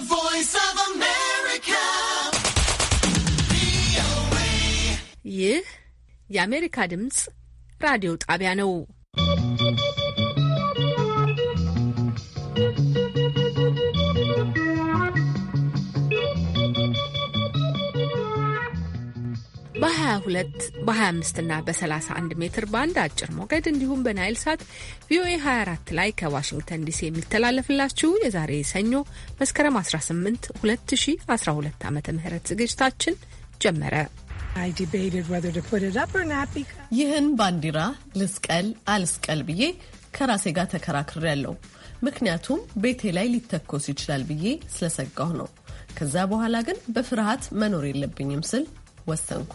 The voice of America. VOA. Yeah, the America Dems Radio Tabiano. በ22 በ25 እና በ31 ሜትር ባንድ አጭር ሞገድ እንዲሁም በናይል ሳት ቪኦኤ 24 ላይ ከዋሽንግተን ዲሲ የሚተላለፍላችሁ የዛሬ ሰኞ መስከረም 18 2012 ዓ ም ዝግጅታችን ጀመረ። ይህን ባንዲራ ልስቀል አልስቀል ብዬ ከራሴ ጋር ያለው ምክንያቱም ቤቴ ላይ ሊተኮስ ይችላል ብዬ ስለሰጋሁ ነው። ከዛ በኋላ ግን በፍርሃት መኖር የለብኝም ስል ወሰንኩ።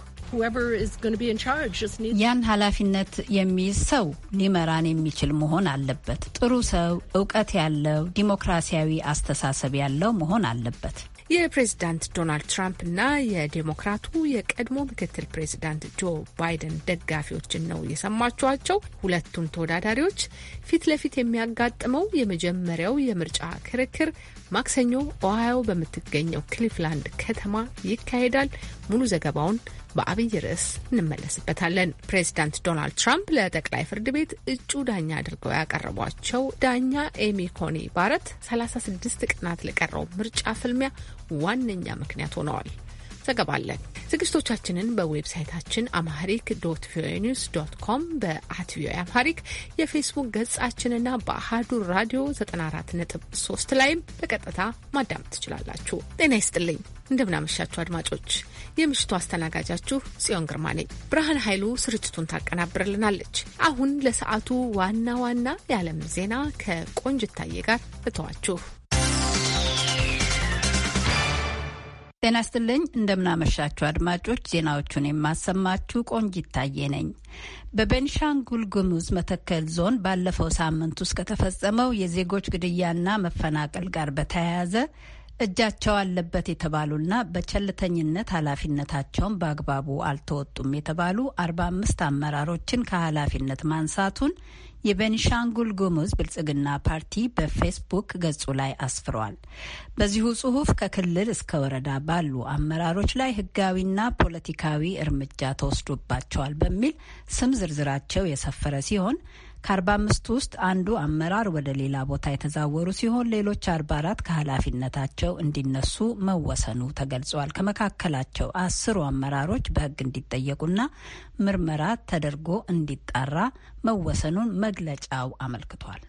ያን ኃላፊነት የሚይዝ ሰው ሊመራን የሚችል መሆን አለበት። ጥሩ ሰው፣ እውቀት ያለው ዲሞክራሲያዊ አስተሳሰብ ያለው መሆን አለበት። የፕሬዝዳንት ዶናልድ ትራምፕ እና የዴሞክራቱ የቀድሞ ምክትል ፕሬዝዳንት ጆ ባይደን ደጋፊዎችን ነው የሰማችኋቸው። ሁለቱን ተወዳዳሪዎች ፊት ለፊት የሚያጋጥመው የመጀመሪያው የምርጫ ክርክር ማክሰኞ ኦሃዮ በምትገኘው ክሊፍላንድ ከተማ ይካሄዳል። ሙሉ ዘገባውን በአብይ ርዕስ እንመለስበታለን። ፕሬዚዳንት ዶናልድ ትራምፕ ለጠቅላይ ፍርድ ቤት እጩ ዳኛ አድርገው ያቀረቧቸው ዳኛ ኤሚ ኮኒ ባረት 36 ቀናት ለቀረው ምርጫ ፍልሚያ ዋነኛ ምክንያት ሆነዋል። ዘገባለን ዝግጅቶቻችንን በዌብሳይታችን አማሪክ ዶት ቪኦኤ ኒውስ ዶት ኮም በአት ቪኦኤ አማሪክ የፌስቡክ ገጻችንና በአህዱ ራዲዮ 94.3 ላይም በቀጥታ ማዳመጥ ትችላላችሁ። ጤና ይስጥልኝ። እንደምናመሻችሁ አድማጮች የምሽቱ አስተናጋጃችሁ ጽዮን ግርማ ነኝ። ብርሃን ኃይሉ ስርጭቱን ታቀናብርልናለች። አሁን ለሰዓቱ ዋና ዋና የዓለም ዜና ከቆንጅታዬ ጋር እተዋችሁ። ጤና ስትልኝ እንደምናመሻችሁ አድማጮች፣ ዜናዎቹን የማሰማችሁ ቆንጅታዬ ነኝ። በቤንሻንጉል ጉሙዝ መተከል ዞን ባለፈው ሳምንት ውስጥ ከተፈጸመው የዜጎች ግድያና መፈናቀል ጋር በተያያዘ እጃቸው አለበት የተባሉና በቸልተኝነት ኃላፊነታቸውን በአግባቡ አልተወጡም የተባሉ አርባ አምስት አመራሮችን ከኃላፊነት ማንሳቱን የቤኒሻንጉል ጉሙዝ ብልጽግና ፓርቲ በፌስቡክ ገጹ ላይ አስፍሯል። በዚሁ ጽሁፍ ከክልል እስከ ወረዳ ባሉ አመራሮች ላይ ሕጋዊና ፖለቲካዊ እርምጃ ተወስዶባቸዋል በሚል ስም ዝርዝራቸው የሰፈረ ሲሆን ከአርባ አምስቱ ውስጥ አንዱ አመራር ወደ ሌላ ቦታ የተዛወሩ ሲሆን ሌሎች አርባ አራት ከኃላፊነታቸው እንዲነሱ መወሰኑ ተገልጿል። ከመካከላቸው አስሩ አመራሮች በሕግ እንዲጠየቁና ምርመራ ተደርጎ እንዲጣራ መወሰኑን መግለጫው አመልክቷል።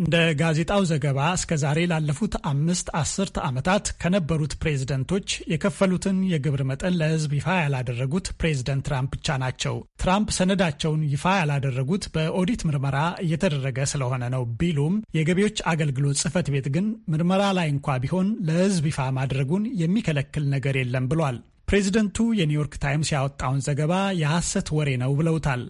እንደ ጋዜጣው ዘገባ እስከ ዛሬ ላለፉት አምስት አስርት ዓመታት ከነበሩት ፕሬዝደንቶች የከፈሉትን የግብር መጠን ለሕዝብ ይፋ ያላደረጉት ፕሬዝደንት ትራምፕ ብቻ ናቸው። ትራምፕ ሰነዳቸውን ይፋ ያላደረጉት በኦዲት ምርመራ እየተደረገ ስለሆነ ነው ቢሉም የገቢዎች አገልግሎት ጽህፈት ቤት ግን ምርመራ ላይ እንኳ ቢሆን ለሕዝብ ይፋ ማድረጉን የሚከለክል ነገር የለም ብሏል። ፕሬዚደንቱ የኒውዮርክ ታይምስ ያወጣውን ዘገባ የሐሰት ወሬ ነው ብለውታል።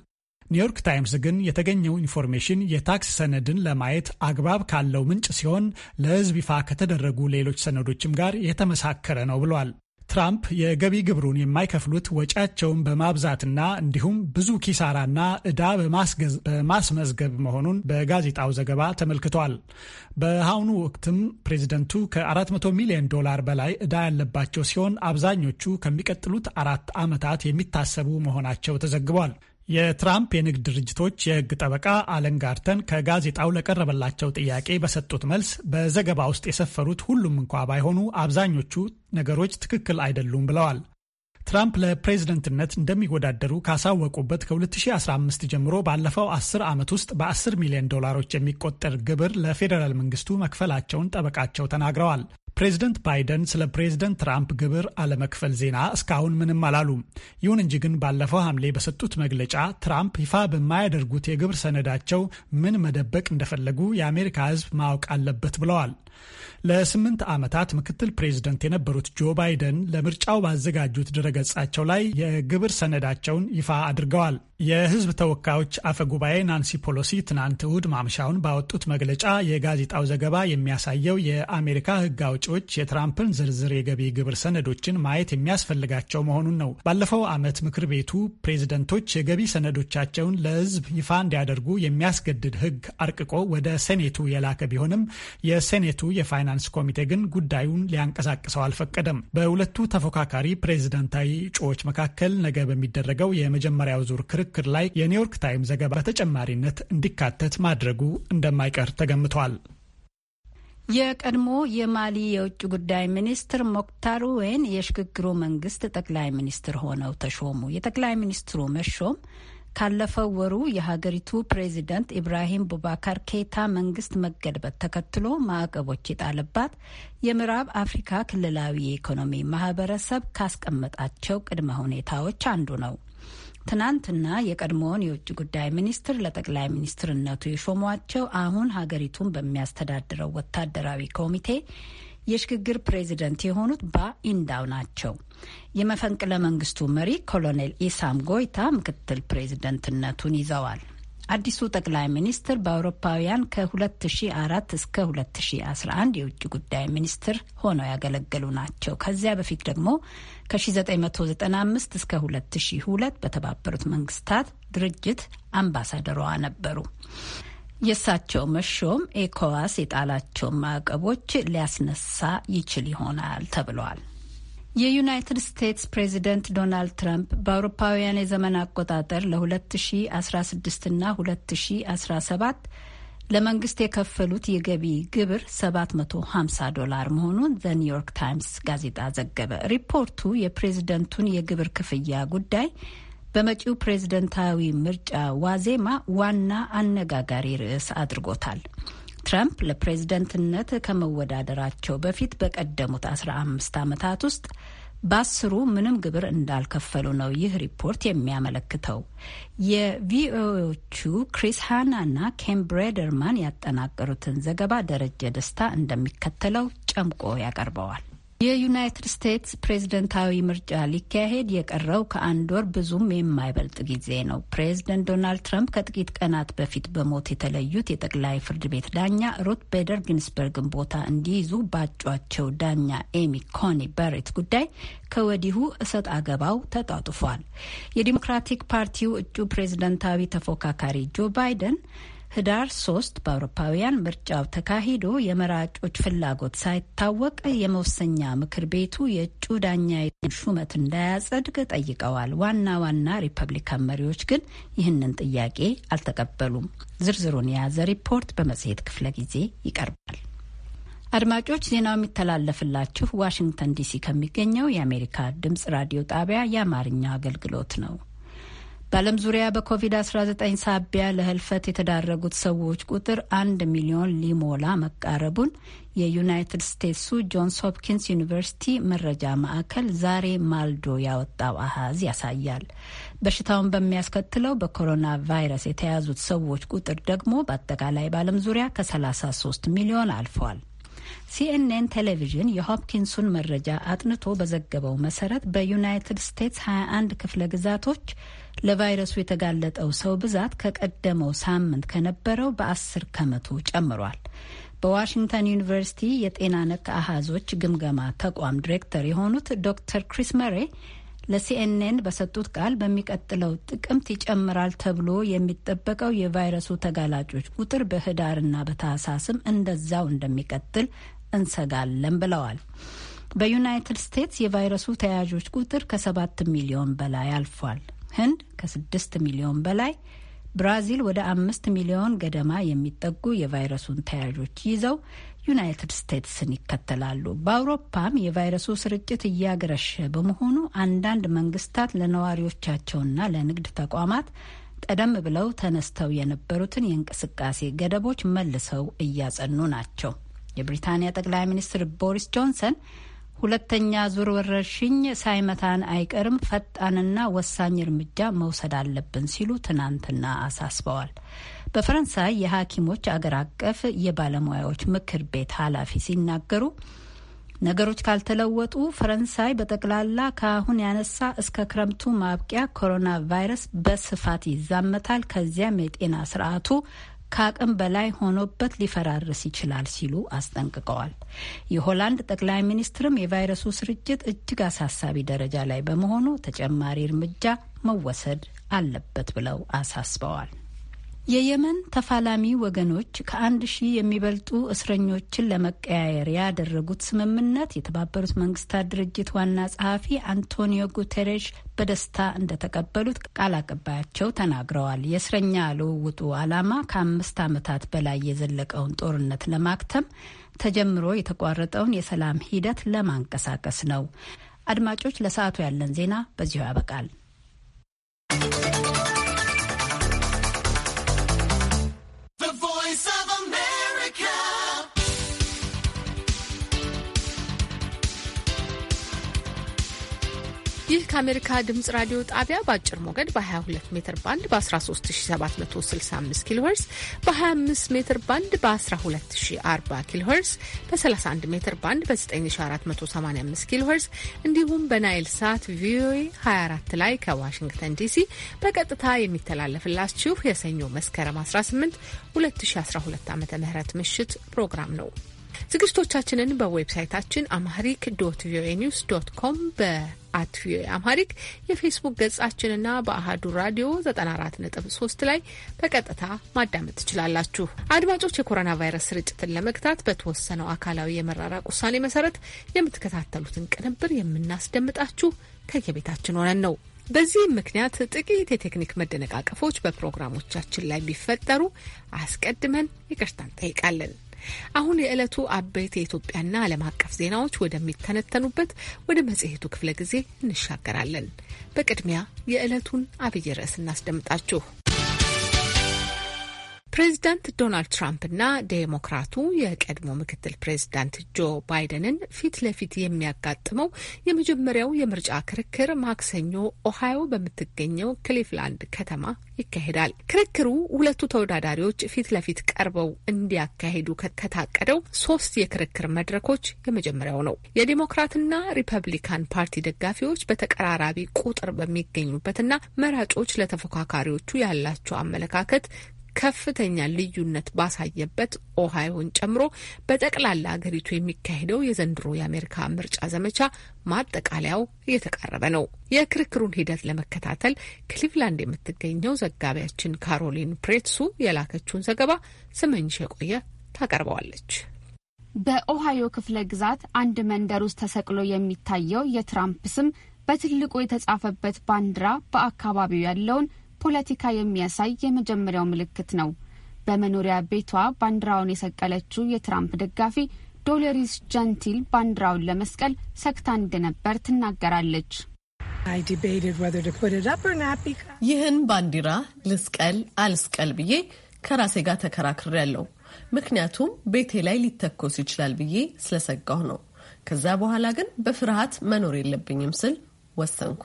ኒውዮርክ ታይምስ ግን የተገኘው ኢንፎርሜሽን የታክስ ሰነድን ለማየት አግባብ ካለው ምንጭ ሲሆን ለሕዝብ ይፋ ከተደረጉ ሌሎች ሰነዶችም ጋር የተመሳከረ ነው ብሏል። ትራምፕ የገቢ ግብሩን የማይከፍሉት ወጪያቸውን በማብዛትና እንዲሁም ብዙ ኪሳራና ዕዳ በማስመዝገብ መሆኑን በጋዜጣው ዘገባ ተመልክቷል። በአሁኑ ወቅትም ፕሬዚደንቱ ከ400 ሚሊዮን ዶላር በላይ ዕዳ ያለባቸው ሲሆን አብዛኞቹ ከሚቀጥሉት አራት ዓመታት የሚታሰቡ መሆናቸው ተዘግቧል። የትራምፕ የንግድ ድርጅቶች የህግ ጠበቃ አለን ጋርተን ከጋዜጣው ለቀረበላቸው ጥያቄ በሰጡት መልስ በዘገባ ውስጥ የሰፈሩት ሁሉም እንኳ ባይሆኑ አብዛኞቹ ነገሮች ትክክል አይደሉም ብለዋል። ትራምፕ ለፕሬዝደንትነት እንደሚወዳደሩ ካሳወቁበት ከ2015 ጀምሮ ባለፈው 10 ዓመት ውስጥ በ10 ሚሊዮን ዶላሮች የሚቆጠር ግብር ለፌዴራል መንግስቱ መክፈላቸውን ጠበቃቸው ተናግረዋል። ፕሬዝደንት ባይደን ስለ ፕሬዝደንት ትራምፕ ግብር አለመክፈል ዜና እስካሁን ምንም አላሉም። ይሁን እንጂ ግን ባለፈው ሐምሌ በሰጡት መግለጫ ትራምፕ ይፋ በማያደርጉት የግብር ሰነዳቸው ምን መደበቅ እንደፈለጉ የአሜሪካ ሕዝብ ማወቅ አለበት ብለዋል። ለስምንት ዓመታት ምክትል ፕሬዝደንት የነበሩት ጆ ባይደን ለምርጫው ባዘጋጁት ድረገጻቸው ላይ የግብር ሰነዳቸውን ይፋ አድርገዋል። የህዝብ ተወካዮች አፈ ጉባኤ ናንሲ ፖሎሲ ትናንት እሁድ ማምሻውን ባወጡት መግለጫ የጋዜጣው ዘገባ የሚያሳየው የአሜሪካ ህግ አውጪዎች የትራምፕን ዝርዝር የገቢ ግብር ሰነዶችን ማየት የሚያስፈልጋቸው መሆኑን ነው። ባለፈው ዓመት ምክር ቤቱ ፕሬዝደንቶች የገቢ ሰነዶቻቸውን ለህዝብ ይፋ እንዲያደርጉ የሚያስገድድ ህግ አርቅቆ ወደ ሴኔቱ የላከ ቢሆንም የሴኔቱ የፋይናንስ ኮሚቴ ግን ጉዳዩን ሊያንቀሳቅሰው አልፈቀደም። በሁለቱ ተፎካካሪ ፕሬዝደንታዊ እጩዎች መካከል ነገ በሚደረገው የመጀመሪያው ዙር ክርክ ምክክር ላይ የኒውዮርክ ታይምስ ዘገባ በተጨማሪነት እንዲካተት ማድረጉ እንደማይቀር ተገምቷል። የቀድሞ የማሊ የውጭ ጉዳይ ሚኒስትር ሞክታር ዌን የሽግግሩ መንግስት ጠቅላይ ሚኒስትር ሆነው ተሾሙ። የጠቅላይ ሚኒስትሩ መሾም ካለፈው ወሩ የሀገሪቱ ፕሬዚደንት ኢብራሂም ቡባካር ኬታ መንግስት መገልበት ተከትሎ ማዕቀቦች የጣለባት የምዕራብ አፍሪካ ክልላዊ የኢኮኖሚ ማህበረሰብ ካስቀመጣቸው ቅድመ ሁኔታዎች አንዱ ነው። ትናንትና የቀድሞውን የውጭ ጉዳይ ሚኒስትር ለጠቅላይ ሚኒስትርነቱ የሾሟቸው አሁን ሀገሪቱን በሚያስተዳድረው ወታደራዊ ኮሚቴ የሽግግር ፕሬዚደንት የሆኑት ባኢንዳው ናቸው። የመፈንቅለ መንግስቱ መሪ ኮሎኔል ኢሳም ጎይታ ምክትል ፕሬዝደንትነቱን ይዘዋል። አዲሱ ጠቅላይ ሚኒስትር በአውሮፓውያን ከ2004 እስከ 2011 የውጭ ጉዳይ ሚኒስትር ሆነው ያገለገሉ ናቸው። ከዚያ በፊት ደግሞ ከ1995 እስከ 2002 በተባበሩት መንግስታት ድርጅት አምባሳደሯ ነበሩ። የእሳቸው መሾም ኤኮዋስ የጣላቸውን ማዕቀቦች ሊያስነሳ ይችል ይሆናል ተብሏል። የዩናይትድ ስቴትስ ፕሬዚደንት ዶናልድ ትራምፕ በአውሮፓውያን የዘመን አቆጣጠር ለ2016ና 2017 ለመንግስት የከፈሉት የገቢ ግብር 750 ዶላር መሆኑን ዘ ኒውዮርክ ታይምስ ጋዜጣ ዘገበ። ሪፖርቱ የፕሬዝደንቱን የግብር ክፍያ ጉዳይ በመጪው ፕሬዝደንታዊ ምርጫ ዋዜማ ዋና አነጋጋሪ ርዕስ አድርጎታል። ትራምፕ ለፕሬዝደንትነት ከመወዳደራቸው በፊት በቀደሙት 15 ዓመታት ውስጥ በአስሩ ምንም ግብር እንዳልከፈሉ ነው ይህ ሪፖርት የሚያመለክተው። የቪኦኤዎቹ ክሪስ ሃናና ኬም ብሬደርማን ያጠናቀሩትን ዘገባ ደረጀ ደስታ እንደሚከተለው ጨምቆ ያቀርበዋል። የዩናይትድ ስቴትስ ፕሬዝደንታዊ ምርጫ ሊካሄድ የቀረው ከአንድ ወር ብዙም የማይበልጥ ጊዜ ነው። ፕሬዝደንት ዶናልድ ትራምፕ ከጥቂት ቀናት በፊት በሞት የተለዩት የጠቅላይ ፍርድ ቤት ዳኛ ሩት ቤደር ግንስበርግን ቦታ እንዲይዙ ባጯቸው ዳኛ ኤሚ ኮኒ በሬት ጉዳይ ከወዲሁ እሰጥ አገባው ተጧጡፏል። የዲሞክራቲክ ፓርቲው እጩ ፕሬዝደንታዊ ተፎካካሪ ጆ ባይደን ህዳር ሶስት በአውሮፓውያን ምርጫው ተካሂዶ የመራጮች ፍላጎት ሳይታወቅ የመወሰኛ ምክር ቤቱ የእጩ ዳኛ ሹመት እንዳያጸድቅ ጠይቀዋል። ዋና ዋና ሪፐብሊካን መሪዎች ግን ይህንን ጥያቄ አልተቀበሉም። ዝርዝሩን የያዘ ሪፖርት በመጽሔት ክፍለ ጊዜ ይቀርባል። አድማጮች ዜናው የሚተላለፍላችሁ ዋሽንግተን ዲሲ ከሚገኘው የአሜሪካ ድምጽ ራዲዮ ጣቢያ የአማርኛ አገልግሎት ነው። በዓለም ዙሪያ በኮቪድ-19 ሳቢያ ለህልፈት የተዳረጉት ሰዎች ቁጥር አንድ ሚሊዮን ሊሞላ መቃረቡን የዩናይትድ ስቴትሱ ጆንስ ሆፕኪንስ ዩኒቨርሲቲ መረጃ ማዕከል ዛሬ ማልዶ ያወጣው አሃዝ ያሳያል። በሽታውን በሚያስከትለው በኮሮና ቫይረስ የተያዙት ሰዎች ቁጥር ደግሞ በአጠቃላይ በዓለም ዙሪያ ከ33 ሚሊዮን አልፏል። ሲኤንኤን ቴሌቪዥን የሆፕኪንሱን መረጃ አጥንቶ በዘገበው መሰረት በዩናይትድ ስቴትስ 21 ክፍለ ግዛቶች ለቫይረሱ የተጋለጠው ሰው ብዛት ከቀደመው ሳምንት ከነበረው በአስር ከመቶ ጨምሯል። በዋሽንግተን ዩኒቨርሲቲ የጤና ነክ አሃዞች ግምገማ ተቋም ዲሬክተር የሆኑት ዶክተር ክሪስ መሬ ለሲኤንኤን በሰጡት ቃል በሚቀጥለው ጥቅምት ይጨምራል ተብሎ የሚጠበቀው የቫይረሱ ተጋላጮች ቁጥር በህዳርና በታህሳስም እንደዛው እንደሚቀጥል እንሰጋለን ብለዋል። በዩናይትድ ስቴትስ የቫይረሱ ተያዦች ቁጥር ከሰባት ሚሊዮን በላይ አልፏል። ህንድ ከስድስት ሚሊዮን በላይ፣ ብራዚል ወደ አምስት ሚሊዮን ገደማ የሚጠጉ የቫይረሱን ተያዦች ይዘው ዩናይትድ ስቴትስን ይከተላሉ። በአውሮፓም የቫይረሱ ስርጭት እያገረሸ በመሆኑ አንዳንድ መንግስታት ለነዋሪዎቻቸውና ለንግድ ተቋማት ቀደም ብለው ተነስተው የነበሩትን የእንቅስቃሴ ገደቦች መልሰው እያጸኑ ናቸው። የብሪታንያ ጠቅላይ ሚኒስትር ቦሪስ ጆንሰን ሁለተኛ ዙር ወረርሽኝ ሳይመታን አይቀርም፣ ፈጣንና ወሳኝ እርምጃ መውሰድ አለብን ሲሉ ትናንትና አሳስበዋል። በፈረንሳይ የሐኪሞች አገር አቀፍ የባለሙያዎች ምክር ቤት ኃላፊ ሲናገሩ ነገሮች ካልተለወጡ ፈረንሳይ በጠቅላላ ከአሁን ያነሳ እስከ ክረምቱ ማብቂያ ኮሮና ቫይረስ በስፋት ይዛመታል፣ ከዚያም የጤና ስርዓቱ ከአቅም በላይ ሆኖበት ሊፈራርስ ይችላል ሲሉ አስጠንቅቀዋል። የሆላንድ ጠቅላይ ሚኒስትርም የቫይረሱ ስርጭት እጅግ አሳሳቢ ደረጃ ላይ በመሆኑ ተጨማሪ እርምጃ መወሰድ አለበት ብለው አሳስበዋል። የየመን ተፋላሚ ወገኖች ከአንድ ሺህ የሚበልጡ እስረኞችን ለመቀያየር ያደረጉት ስምምነት የተባበሩት መንግስታት ድርጅት ዋና ጸሐፊ አንቶኒዮ ጉተሬሽ በደስታ እንደተቀበሉት ቃል አቀባያቸው ተናግረዋል። የእስረኛ ልውውጡ ዓላማ ከአምስት ዓመታት በላይ የዘለቀውን ጦርነት ለማክተም ተጀምሮ የተቋረጠውን የሰላም ሂደት ለማንቀሳቀስ ነው። አድማጮች፣ ለሰዓቱ ያለን ዜና በዚሁ ያበቃል። ይህ ከአሜሪካ ድምጽ ራዲዮ ጣቢያ በአጭር ሞገድ በ22 ሜትር ባንድ በ13765 ኪሎ ሄርዝ በ25 ሜትር ባንድ በ1240 ኪሎ ሄርዝ በ31 ሜትር ባንድ በ9485 ኪሎ ሄርዝ እንዲሁም በናይል ሳት ቪኦኤ 24 ላይ ከዋሽንግተን ዲሲ በቀጥታ የሚተላለፍላችሁ የሰኞ መስከረም 18 2012 ዓ ም ምሽት ፕሮግራም ነው። ዝግጅቶቻችንን በዌብሳይታችን አምሃሪክ ዶት ቪኦኤ ኒውስ ዶት ኮም በአት ቪኦኤ አምሃሪክ የፌስቡክ ገጻችንና በአህዱ ራዲዮ 94.3 ላይ በቀጥታ ማዳመጥ ትችላላችሁ። አድማጮች፣ የኮሮና ቫይረስ ስርጭትን ለመግታት በተወሰነው አካላዊ የመራራቅ ውሳኔ መሰረት የምትከታተሉትን ቅንብር የምናስደምጣችሁ ከየቤታችን ሆነን ነው። በዚህም ምክንያት ጥቂት የቴክኒክ መደነቃቀፎች በፕሮግራሞቻችን ላይ ቢፈጠሩ አስቀድመን ይቅርታን ጠይቃለን። አሁን የዕለቱ አበይት የኢትዮጵያና ዓለም አቀፍ ዜናዎች ወደሚተነተኑበት ወደ መጽሔቱ ክፍለ ጊዜ እንሻገራለን። በቅድሚያ የዕለቱን አብይ ርዕስ እናስደምጣችሁ። ፕሬዚዳንት ዶናልድ ትራምፕና ዴሞክራቱ የቀድሞ ምክትል ፕሬዚዳንት ጆ ባይደንን ፊት ለፊት የሚያጋጥመው የመጀመሪያው የምርጫ ክርክር ማክሰኞ ኦሃዮ በምትገኘው ክሊፍላንድ ከተማ ይካሄዳል። ክርክሩ ሁለቱ ተወዳዳሪዎች ፊት ለፊት ቀርበው እንዲያካሂዱ ከታቀደው ሶስት የክርክር መድረኮች የመጀመሪያው ነው። የዴሞክራትና ሪፐብሊካን ፓርቲ ደጋፊዎች በተቀራራቢ ቁጥር በሚገኙበትና መራጮች ለተፎካካሪዎቹ ያላቸው አመለካከት ከፍተኛ ልዩነት ባሳየበት ኦሃዮን ጨምሮ በጠቅላላ አገሪቱ የሚካሄደው የዘንድሮ የአሜሪካ ምርጫ ዘመቻ ማጠቃለያው እየተቃረበ ነው። የክርክሩን ሂደት ለመከታተል ክሊቭላንድ የምትገኘው ዘጋቢያችን ካሮሊን ፕሬትሱ የላከችውን ዘገባ ስመኝሽ የቆየ ታቀርበዋለች። በኦሃዮ ክፍለ ግዛት አንድ መንደር ውስጥ ተሰቅሎ የሚታየው የትራምፕ ስም በትልቁ የተጻፈበት ባንዲራ በአካባቢው ያለውን ፖለቲካ የሚያሳይ የመጀመሪያው ምልክት ነው። በመኖሪያ ቤቷ ባንዲራውን የሰቀለችው የትራምፕ ደጋፊ ዶሎሪስ ጀንቲል ባንዲራውን ለመስቀል ሰግታ እንደነበር ትናገራለች። ይህን ባንዲራ ልስቀል አልስቀል ብዬ ከራሴ ጋር ያለው። ምክንያቱም ቤቴ ላይ ሊተኮስ ይችላል ብዬ ስለሰጋሁ ነው። ከዛ በኋላ ግን በፍርሃት መኖር የለብኝም ስል ወሰንኩ።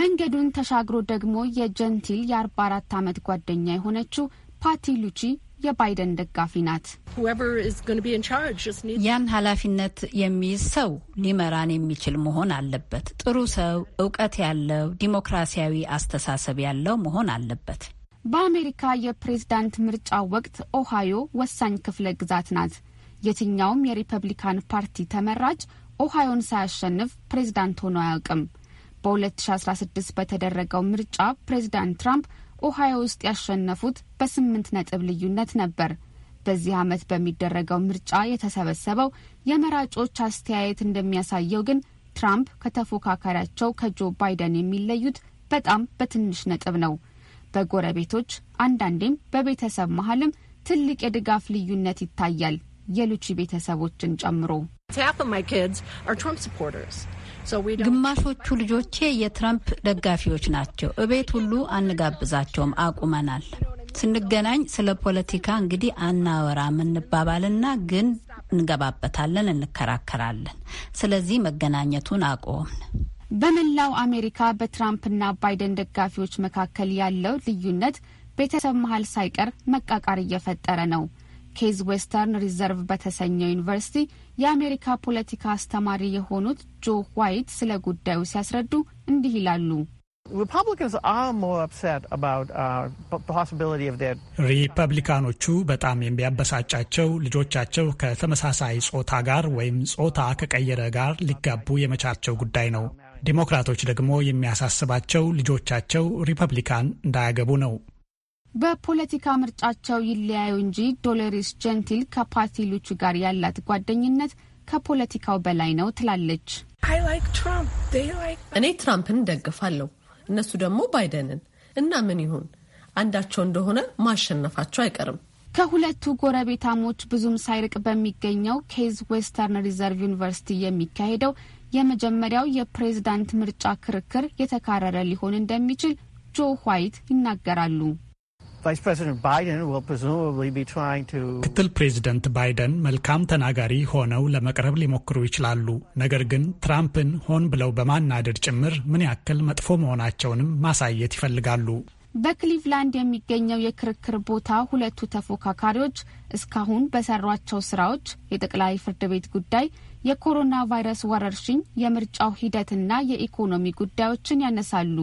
መንገዱን ተሻግሮ ደግሞ የጀንቲል የ44 ዓመት ጓደኛ የሆነችው ፓቲ ሉቺ የባይደን ደጋፊ ናት። ያን ኃላፊነት የሚይዝ ሰው ሊመራን የሚችል መሆን አለበት። ጥሩ ሰው፣ እውቀት ያለው፣ ዲሞክራሲያዊ አስተሳሰብ ያለው መሆን አለበት። በአሜሪካ የፕሬዝዳንት ምርጫ ወቅት ኦሃዮ ወሳኝ ክፍለ ግዛት ናት። የትኛውም የሪፐብሊካን ፓርቲ ተመራጭ ኦሃዮን ሳያሸንፍ ፕሬዝዳንት ሆኖ አያውቅም። በ2016 በተደረገው ምርጫ ፕሬዚዳንት ትራምፕ ኦሃዮ ውስጥ ያሸነፉት በስምንት ነጥብ ልዩነት ነበር። በዚህ ዓመት በሚደረገው ምርጫ የተሰበሰበው የመራጮች አስተያየት እንደሚያሳየው ግን ትራምፕ ከተፎካካሪያቸው ከጆ ባይደን የሚለዩት በጣም በትንሽ ነጥብ ነው። በጎረቤቶች አንዳንዴም በቤተሰብ መሀልም ትልቅ የድጋፍ ልዩነት ይታያል፣ የሉቺ ቤተሰቦችን ጨምሮ። ግማሾቹ ልጆቼ የትራምፕ ደጋፊዎች ናቸው። እቤት ሁሉ አንጋብዛቸውም፣ አቁመናል። ስንገናኝ ስለ ፖለቲካ እንግዲህ አናወራም እንባባልና ግን እንገባበታለን፣ እንከራከራለን። ስለዚህ መገናኘቱን አቆምን። በመላው አሜሪካ በትራምፕና ባይደን ደጋፊዎች መካከል ያለው ልዩነት ቤተሰብ መሀል ሳይቀር መቃቃር እየፈጠረ ነው። ኬዝ ዌስተርን ሪዘርቭ በተሰኘው ዩኒቨርሲቲ የአሜሪካ ፖለቲካ አስተማሪ የሆኑት ጆ ዋይት ስለ ጉዳዩ ሲያስረዱ እንዲህ ይላሉ። uh, ሪፐብሊካኖቹ በጣም የሚያበሳጫቸው ልጆቻቸው ከተመሳሳይ ጾታ ጋር ወይም ጾታ ከቀየረ ጋር ሊጋቡ የመቻቸው ጉዳይ ነው። ዲሞክራቶች ደግሞ የሚያሳስባቸው ልጆቻቸው ሪፐብሊካን እንዳያገቡ ነው። በፖለቲካ ምርጫቸው ይለያዩ እንጂ ዶሎሬስ ጀንቲል ሉቹ ጋር ያላት ጓደኝነት ከፖለቲካው በላይ ነው ትላለች። እኔ ትራምፕን ደግፋለሁ፣ እነሱ ደግሞ ባይደንን እና ምን ይሁን አንዳቸው እንደሆነ ማሸነፋቸው አይቀርም። ከሁለቱ ጎረቤታሞች ብዙም ሳይርቅ በሚገኘው ኬዝ ዌስተርን ሪዘርቭ ዩኒቨርሲቲ የሚካሄደው የመጀመሪያው የፕሬዝዳንት ምርጫ ክርክር የተካረረ ሊሆን እንደሚችል ጆ ዋይት ይናገራሉ። ምክትል ፕሬዚደንት ባይደን መልካም ተናጋሪ ሆነው ለመቅረብ ሊሞክሩ ይችላሉ። ነገር ግን ትራምፕን ሆን ብለው በማናደድ ጭምር ምን ያክል መጥፎ መሆናቸውንም ማሳየት ይፈልጋሉ። በክሊቭላንድ የሚገኘው የክርክር ቦታ ሁለቱ ተፎካካሪዎች እስካሁን በሰሯቸው ስራዎች የጠቅላይ ፍርድ ቤት ጉዳይ፣ የኮሮና ቫይረስ ወረርሽኝ፣ የምርጫው ሂደትና የኢኮኖሚ ጉዳዮችን ያነሳሉ።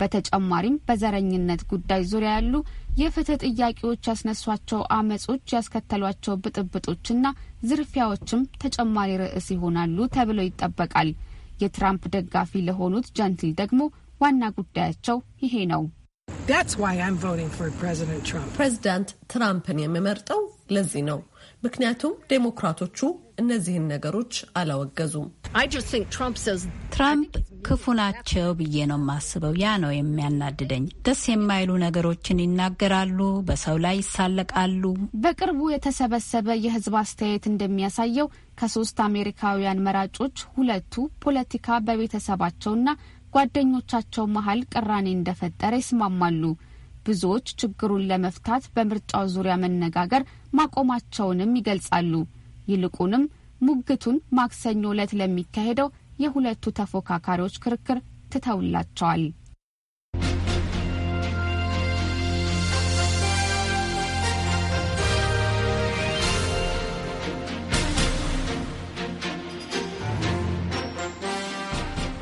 በተጨማሪም በዘረኝነት ጉዳይ ዙሪያ ያሉ የፍትህ ጥያቄዎች ያስነሷቸው አመጾች ያስከተሏቸው ብጥብጦችና ዝርፊያዎችም ተጨማሪ ርዕስ ይሆናሉ ተብሎ ይጠበቃል። የትራምፕ ደጋፊ ለሆኑት ጀንትል ደግሞ ዋና ጉዳያቸው ይሄ ነው። ፕሬዚዳንት ትራምፕን የምመርጠው ለዚህ ነው። ምክንያቱም ዴሞክራቶቹ እነዚህን ነገሮች አላወገዙም። ትራምፕ ክፉ ናቸው ብዬ ነው የማስበው። ያ ነው የሚያናድደኝ። ደስ የማይሉ ነገሮችን ይናገራሉ፣ በሰው ላይ ይሳለቃሉ። በቅርቡ የተሰበሰበ የህዝብ አስተያየት እንደሚያሳየው ከሶስት አሜሪካውያን መራጮች ሁለቱ ፖለቲካ በቤተሰባቸውና ጓደኞቻቸው መሀል ቅራኔ እንደፈጠረ ይስማማሉ። ብዙዎች ችግሩን ለመፍታት በምርጫው ዙሪያ መነጋገር ማቆማቸውንም ይገልጻሉ። ይልቁንም ሙግቱን ማክሰኞ ዕለት ለሚካሄደው የሁለቱ ተፎካካሪዎች ክርክር ትተውላቸዋል።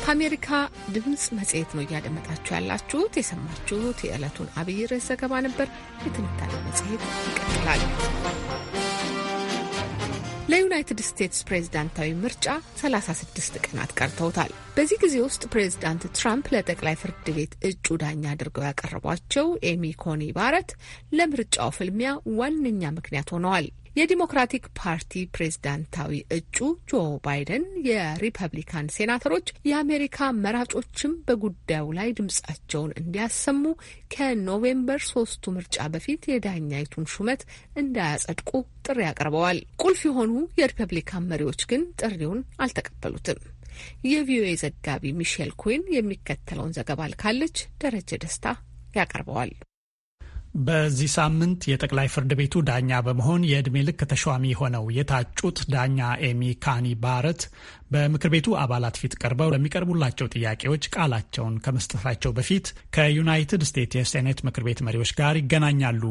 ከአሜሪካ ድምፅ መጽሔት ነው እያደመጣችሁ ያላችሁት። የሰማችሁት የዕለቱን አብይ ርዕስ ዘገባ ነበር። የትንታኔ መጽሔት ይቀጥላል። ለዩናይትድ ስቴትስ ፕሬዝዳንታዊ ምርጫ 36 ቀናት ቀርተውታል። በዚህ ጊዜ ውስጥ ፕሬዝዳንት ትራምፕ ለጠቅላይ ፍርድ ቤት እጩ ዳኛ አድርገው ያቀረቧቸው ኤሚ ኮኒ ባረት ለምርጫው ፍልሚያ ዋነኛ ምክንያት ሆነዋል። የዲሞክራቲክ ፓርቲ ፕሬዝዳንታዊ እጩ ጆ ባይደን፣ የሪፐብሊካን ሴናተሮች፣ የአሜሪካ መራጮችም በጉዳዩ ላይ ድምጻቸውን እንዲያሰሙ ከኖቬምበር ሶስቱ ምርጫ በፊት የዳኛይቱን ሹመት እንዳያጸድቁ ጥሪ አቅርበዋል። ቁልፍ የሆኑ የሪፐብሊካን መሪዎች ግን ጥሪውን አልተቀበሉትም። የቪኦኤ ዘጋቢ ሚሼል ኩዊን የሚከተለውን ዘገባ ልካለች። ደረጀ ደስታ ያቀርበዋል። በዚህ ሳምንት የጠቅላይ ፍርድ ቤቱ ዳኛ በመሆን የዕድሜ ልክ ተሿሚ ሆነው የታጩት ዳኛ ኤሚ ካኒ ባረት በምክር ቤቱ አባላት ፊት ቀርበው ለሚቀርቡላቸው ጥያቄዎች ቃላቸውን ከመስጠታቸው በፊት ከዩናይትድ ስቴትስ የሴኔት ምክር ቤት መሪዎች ጋር ይገናኛሉ።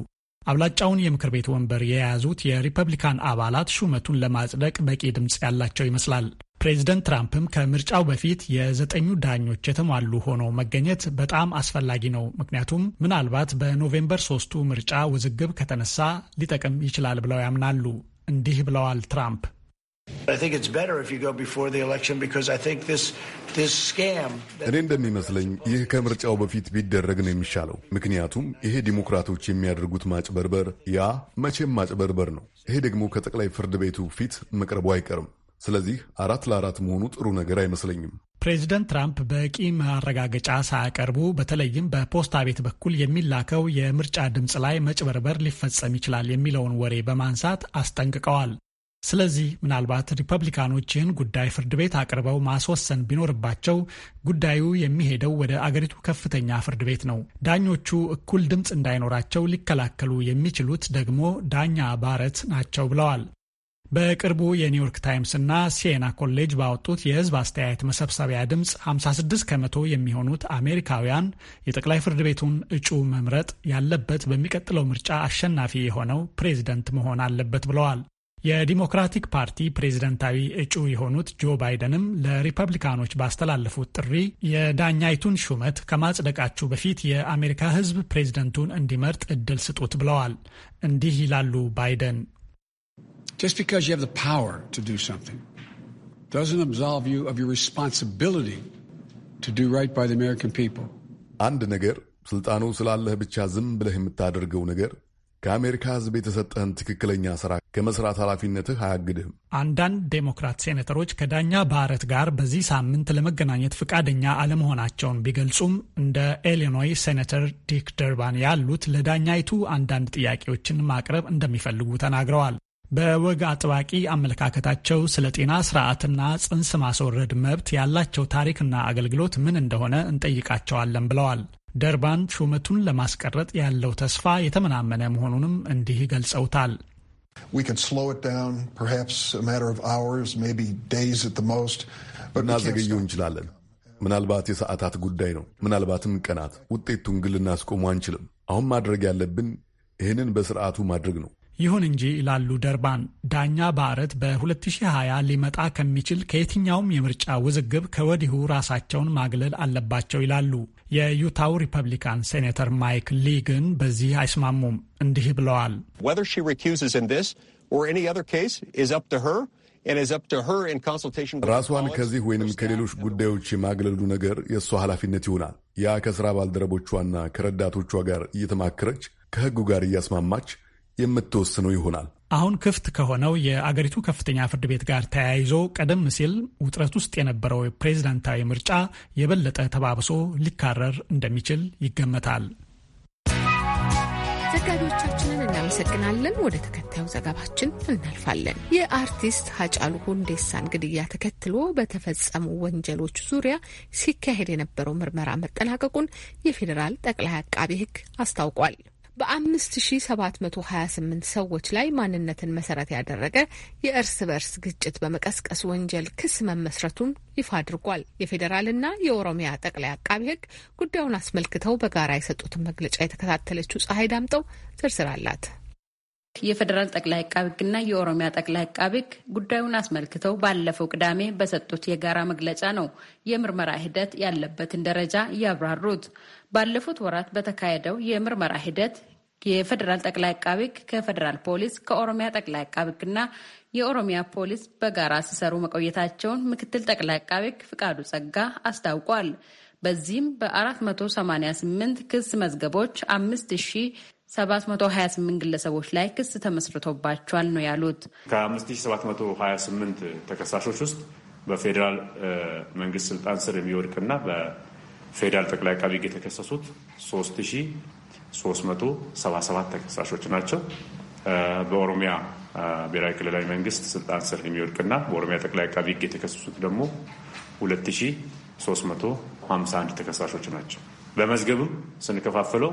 አብላጫውን የምክር ቤት ወንበር የያዙት የሪፐብሊካን አባላት ሹመቱን ለማጽደቅ በቂ ድምፅ ያላቸው ይመስላል። ፕሬዝደንት ትራምፕም ከምርጫው በፊት የዘጠኙ ዳኞች የተሟሉ ሆነው መገኘት በጣም አስፈላጊ ነው፣ ምክንያቱም ምናልባት በኖቬምበር ሶስቱ ምርጫ ውዝግብ ከተነሳ ሊጠቅም ይችላል ብለው ያምናሉ። እንዲህ ብለዋል ትራምፕ እኔ እንደሚመስለኝ ይህ ከምርጫው በፊት ቢደረግ ነው የሚሻለው። ምክንያቱም ይሄ ዲሞክራቶች የሚያደርጉት ማጭበርበር፣ ያ መቼም ማጭበርበር ነው። ይሄ ደግሞ ከጠቅላይ ፍርድ ቤቱ ፊት መቅረቡ አይቀርም። ስለዚህ አራት ለአራት መሆኑ ጥሩ ነገር አይመስለኝም። ፕሬዚደንት ትራምፕ በቂ ማረጋገጫ ሳያቀርቡ በተለይም በፖስታ ቤት በኩል የሚላከው የምርጫ ድምፅ ላይ መጭበርበር ሊፈጸም ይችላል የሚለውን ወሬ በማንሳት አስጠንቅቀዋል። ስለዚህ ምናልባት ሪፐብሊካኖች ይህን ጉዳይ ፍርድ ቤት አቅርበው ማስወሰን ቢኖርባቸው ጉዳዩ የሚሄደው ወደ አገሪቱ ከፍተኛ ፍርድ ቤት ነው። ዳኞቹ እኩል ድምፅ እንዳይኖራቸው ሊከላከሉ የሚችሉት ደግሞ ዳኛ ባረት ናቸው ብለዋል። በቅርቡ የኒውዮርክ ታይምስ እና ሲየና ኮሌጅ ባወጡት የህዝብ አስተያየት መሰብሰቢያ ድምፅ 56 ከመቶ የሚሆኑት አሜሪካውያን የጠቅላይ ፍርድ ቤቱን እጩ መምረጥ ያለበት በሚቀጥለው ምርጫ አሸናፊ የሆነው ፕሬዝደንት መሆን አለበት ብለዋል። የዲሞክራቲክ ፓርቲ ፕሬዝደንታዊ እጩ የሆኑት ጆ ባይደንም ለሪፐብሊካኖች ባስተላለፉት ጥሪ የዳኛይቱን ሹመት ከማጽደቃችሁ በፊት የአሜሪካ ህዝብ ፕሬዝደንቱን እንዲመርጥ እድል ስጡት ብለዋል። እንዲህ ይላሉ ባይደን Just because you have the power to do something doesn't absolve you of your responsibility to do right by the American people. አንድ ነገር ስልጣኑ ስላለህ ብቻ ዝም ብለህ የምታደርገው ነገር ከአሜሪካ ሕዝብ የተሰጠህን ትክክለኛ ስራ ከመስራት ኃላፊነትህ አያግድህም። አንዳንድ ዴሞክራት ሴኔተሮች ከዳኛ ባህረት ጋር በዚህ ሳምንት ለመገናኘት ፈቃደኛ አለመሆናቸውን ቢገልጹም እንደ ኢሊኖይ ሴኔተር ዲክ ደርባን ያሉት ለዳኛይቱ አንዳንድ ጥያቄዎችን ማቅረብ እንደሚፈልጉ ተናግረዋል። በወግ አጥባቂ አመለካከታቸው ስለ ጤና ስርዓትና ጽንስ ማስወረድ መብት ያላቸው ታሪክና አገልግሎት ምን እንደሆነ እንጠይቃቸዋለን ብለዋል። ደርባን ሹመቱን ለማስቀረጥ ያለው ተስፋ የተመናመነ መሆኑንም እንዲህ ገልጸውታል። እናዘገየው እንችላለን። ምናልባት የሰዓታት ጉዳይ ነው፣ ምናልባትም ቀናት። ውጤቱን ግን ልናስቆሙ አንችልም። አሁን ማድረግ ያለብን ይህንን በስርዓቱ ማድረግ ነው። ይሁን እንጂ ይላሉ ደርባን፣ ዳኛ ባረት በ2020 ሊመጣ ከሚችል ከየትኛውም የምርጫ ውዝግብ ከወዲሁ ራሳቸውን ማግለል አለባቸው ይላሉ። የዩታው ሪፐብሊካን ሴኔተር ማይክ ሊ ግን በዚህ አይስማሙም። እንዲህ ብለዋል። ራሷን ከዚህ ወይንም ከሌሎች ጉዳዮች የማግለሉ ነገር የእሷ ኃላፊነት ይሆናል። ያ ከሥራ ባልደረቦቿና ከረዳቶቿ ጋር እየተማከረች ከሕጉ ጋር እያስማማች የምትወስነው ይሆናል። አሁን ክፍት ከሆነው የአገሪቱ ከፍተኛ ፍርድ ቤት ጋር ተያይዞ ቀደም ሲል ውጥረት ውስጥ የነበረው ፕሬዝዳንታዊ ምርጫ የበለጠ ተባብሶ ሊካረር እንደሚችል ይገመታል። ዘጋቢዎቻችንን እናመሰግናለን። ወደ ተከታዩ ዘገባችን እናልፋለን። የአርቲስት ሀጫሉ ሁንዴሳን ግድያ ተከትሎ በተፈጸሙ ወንጀሎች ዙሪያ ሲካሄድ የነበረው ምርመራ መጠናቀቁን የፌዴራል ጠቅላይ አቃቤ ሕግ አስታውቋል። በ5728 ሰዎች ላይ ማንነትን መሰረት ያደረገ የእርስ በርስ ግጭት በመቀስቀስ ወንጀል ክስ መመስረቱን ይፋ አድርጓል። የፌዴራልና የኦሮሚያ ጠቅላይ አቃቢ ሕግ ጉዳዩን አስመልክተው በጋራ የሰጡትን መግለጫ የተከታተለችው ፀሐይ ዳምጠው ዝርዝር አላት። የፌዴራል ጠቅላይ አቃቢ ሕግና የኦሮሚያ ጠቅላይ አቃቢ ህግ ጉዳዩን አስመልክተው ባለፈው ቅዳሜ በሰጡት የጋራ መግለጫ ነው የምርመራ ሂደት ያለበትን ደረጃ ያብራሩት። ባለፉት ወራት በተካሄደው የምርመራ ሂደት የፌዴራል ጠቅላይ አቃቢክ ሕግ ከፌዴራል ፖሊስ ከኦሮሚያ ጠቅላይ አቃቤ ሕግና የኦሮሚያ ፖሊስ በጋራ ሲሰሩ መቆየታቸውን ምክትል ጠቅላይ አቃቢክ ሕግ ፍቃዱ ጸጋ አስታውቋል። በዚህም በ488 ክስ መዝገቦች 5728 ግለሰቦች ላይ ክስ ተመስርቶባቸዋል ነው ያሉት። ከ5728 ተከሳሾች ውስጥ በፌዴራል መንግስት ስልጣን ስር የሚወድቅና ፌዴራል ጠቅላይ አቃቢ ሕግ የተከሰሱት 3377 ተከሳሾች ናቸው። በኦሮሚያ ብሔራዊ ክልላዊ መንግስት ስልጣን ስር የሚወድቅና በኦሮሚያ ጠቅላይ አቃቢ ሕግ የተከሰሱት ደግሞ 2351 ተከሳሾች ናቸው። በመዝገብም ስንከፋፍለው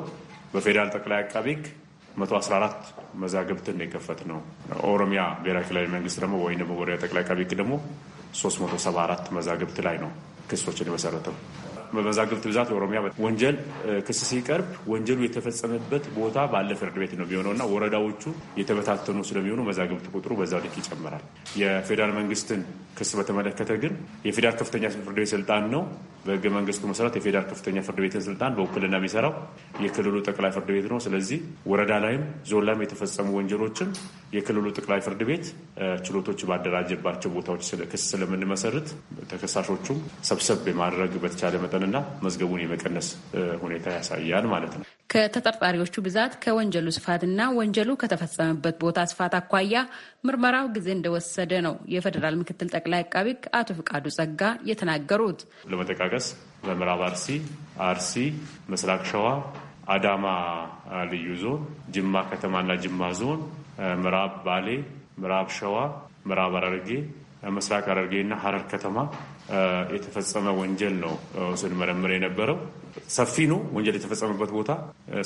በፌዴራል ጠቅላይ አቃቢ ሕግ 114 መዛግብትን የከፈት ነው። ኦሮሚያ ብሔራዊ ክልላዊ መንግስት ደግሞ ወይም ኦሮሚያ ጠቅላይ አቃቢ ሕግ ደግሞ 374 መዛግብት ላይ ነው ክሶችን የመሰረተው። በመዛግብት ብዛት ኦሮሚያ ወንጀል ክስ ሲቀርብ ወንጀሉ የተፈጸመበት ቦታ ባለ ፍርድ ቤት ነው እና ወረዳዎቹ የተበታተኑ ስለሚሆኑ መዛግብት ቁጥሩ በዛው ልክ ይጨምራል። የፌዴራል መንግስትን ክስ በተመለከተ ግን የፌዴራል ከፍተኛ ፍርድ ቤት ስልጣን ነው። በህገ መንግስቱ መሰረት የፌዴራል ከፍተኛ ፍርድ ቤትን ስልጣን በውክልና የሚሰራው የክልሉ ጠቅላይ ፍርድ ቤት ነው። ስለዚህ ወረዳ ላይም ዞን ላይም የተፈጸሙ ወንጀሎችን የክልሉ ጠቅላይ ፍርድ ቤት ችሎቶች ባደራጀባቸው ቦታዎች ክስ ስለምንመሰርት ተከሳሾቹም ሰብሰብ የማድረግ በተቻለ መጠን የመወሰንና መዝገቡን የመቀነስ ሁኔታ ያሳያል ማለት ነው። ከተጠርጣሪዎቹ ብዛት ከወንጀሉ ስፋትና ወንጀሉ ከተፈጸመበት ቦታ ስፋት አኳያ ምርመራው ጊዜ እንደወሰደ ነው የፌዴራል ምክትል ጠቅላይ አቃቢ አቶ ፍቃዱ ጸጋ የተናገሩት። ለመጠቃቀስ በምዕራብ አርሲ፣ አርሲ፣ ምስራቅ ሸዋ፣ አዳማ ልዩ ዞን፣ ጅማ ከተማና ጅማ ዞን፣ ምዕራብ ባሌ፣ ምዕራብ ሸዋ፣ ምዕራብ አረርጌ ምስራቅ ሐረርጌ እና ሀረር ከተማ የተፈጸመ ወንጀል ነው ስንመረምር የነበረው። ሰፊ ነው ወንጀል የተፈጸመበት ቦታ።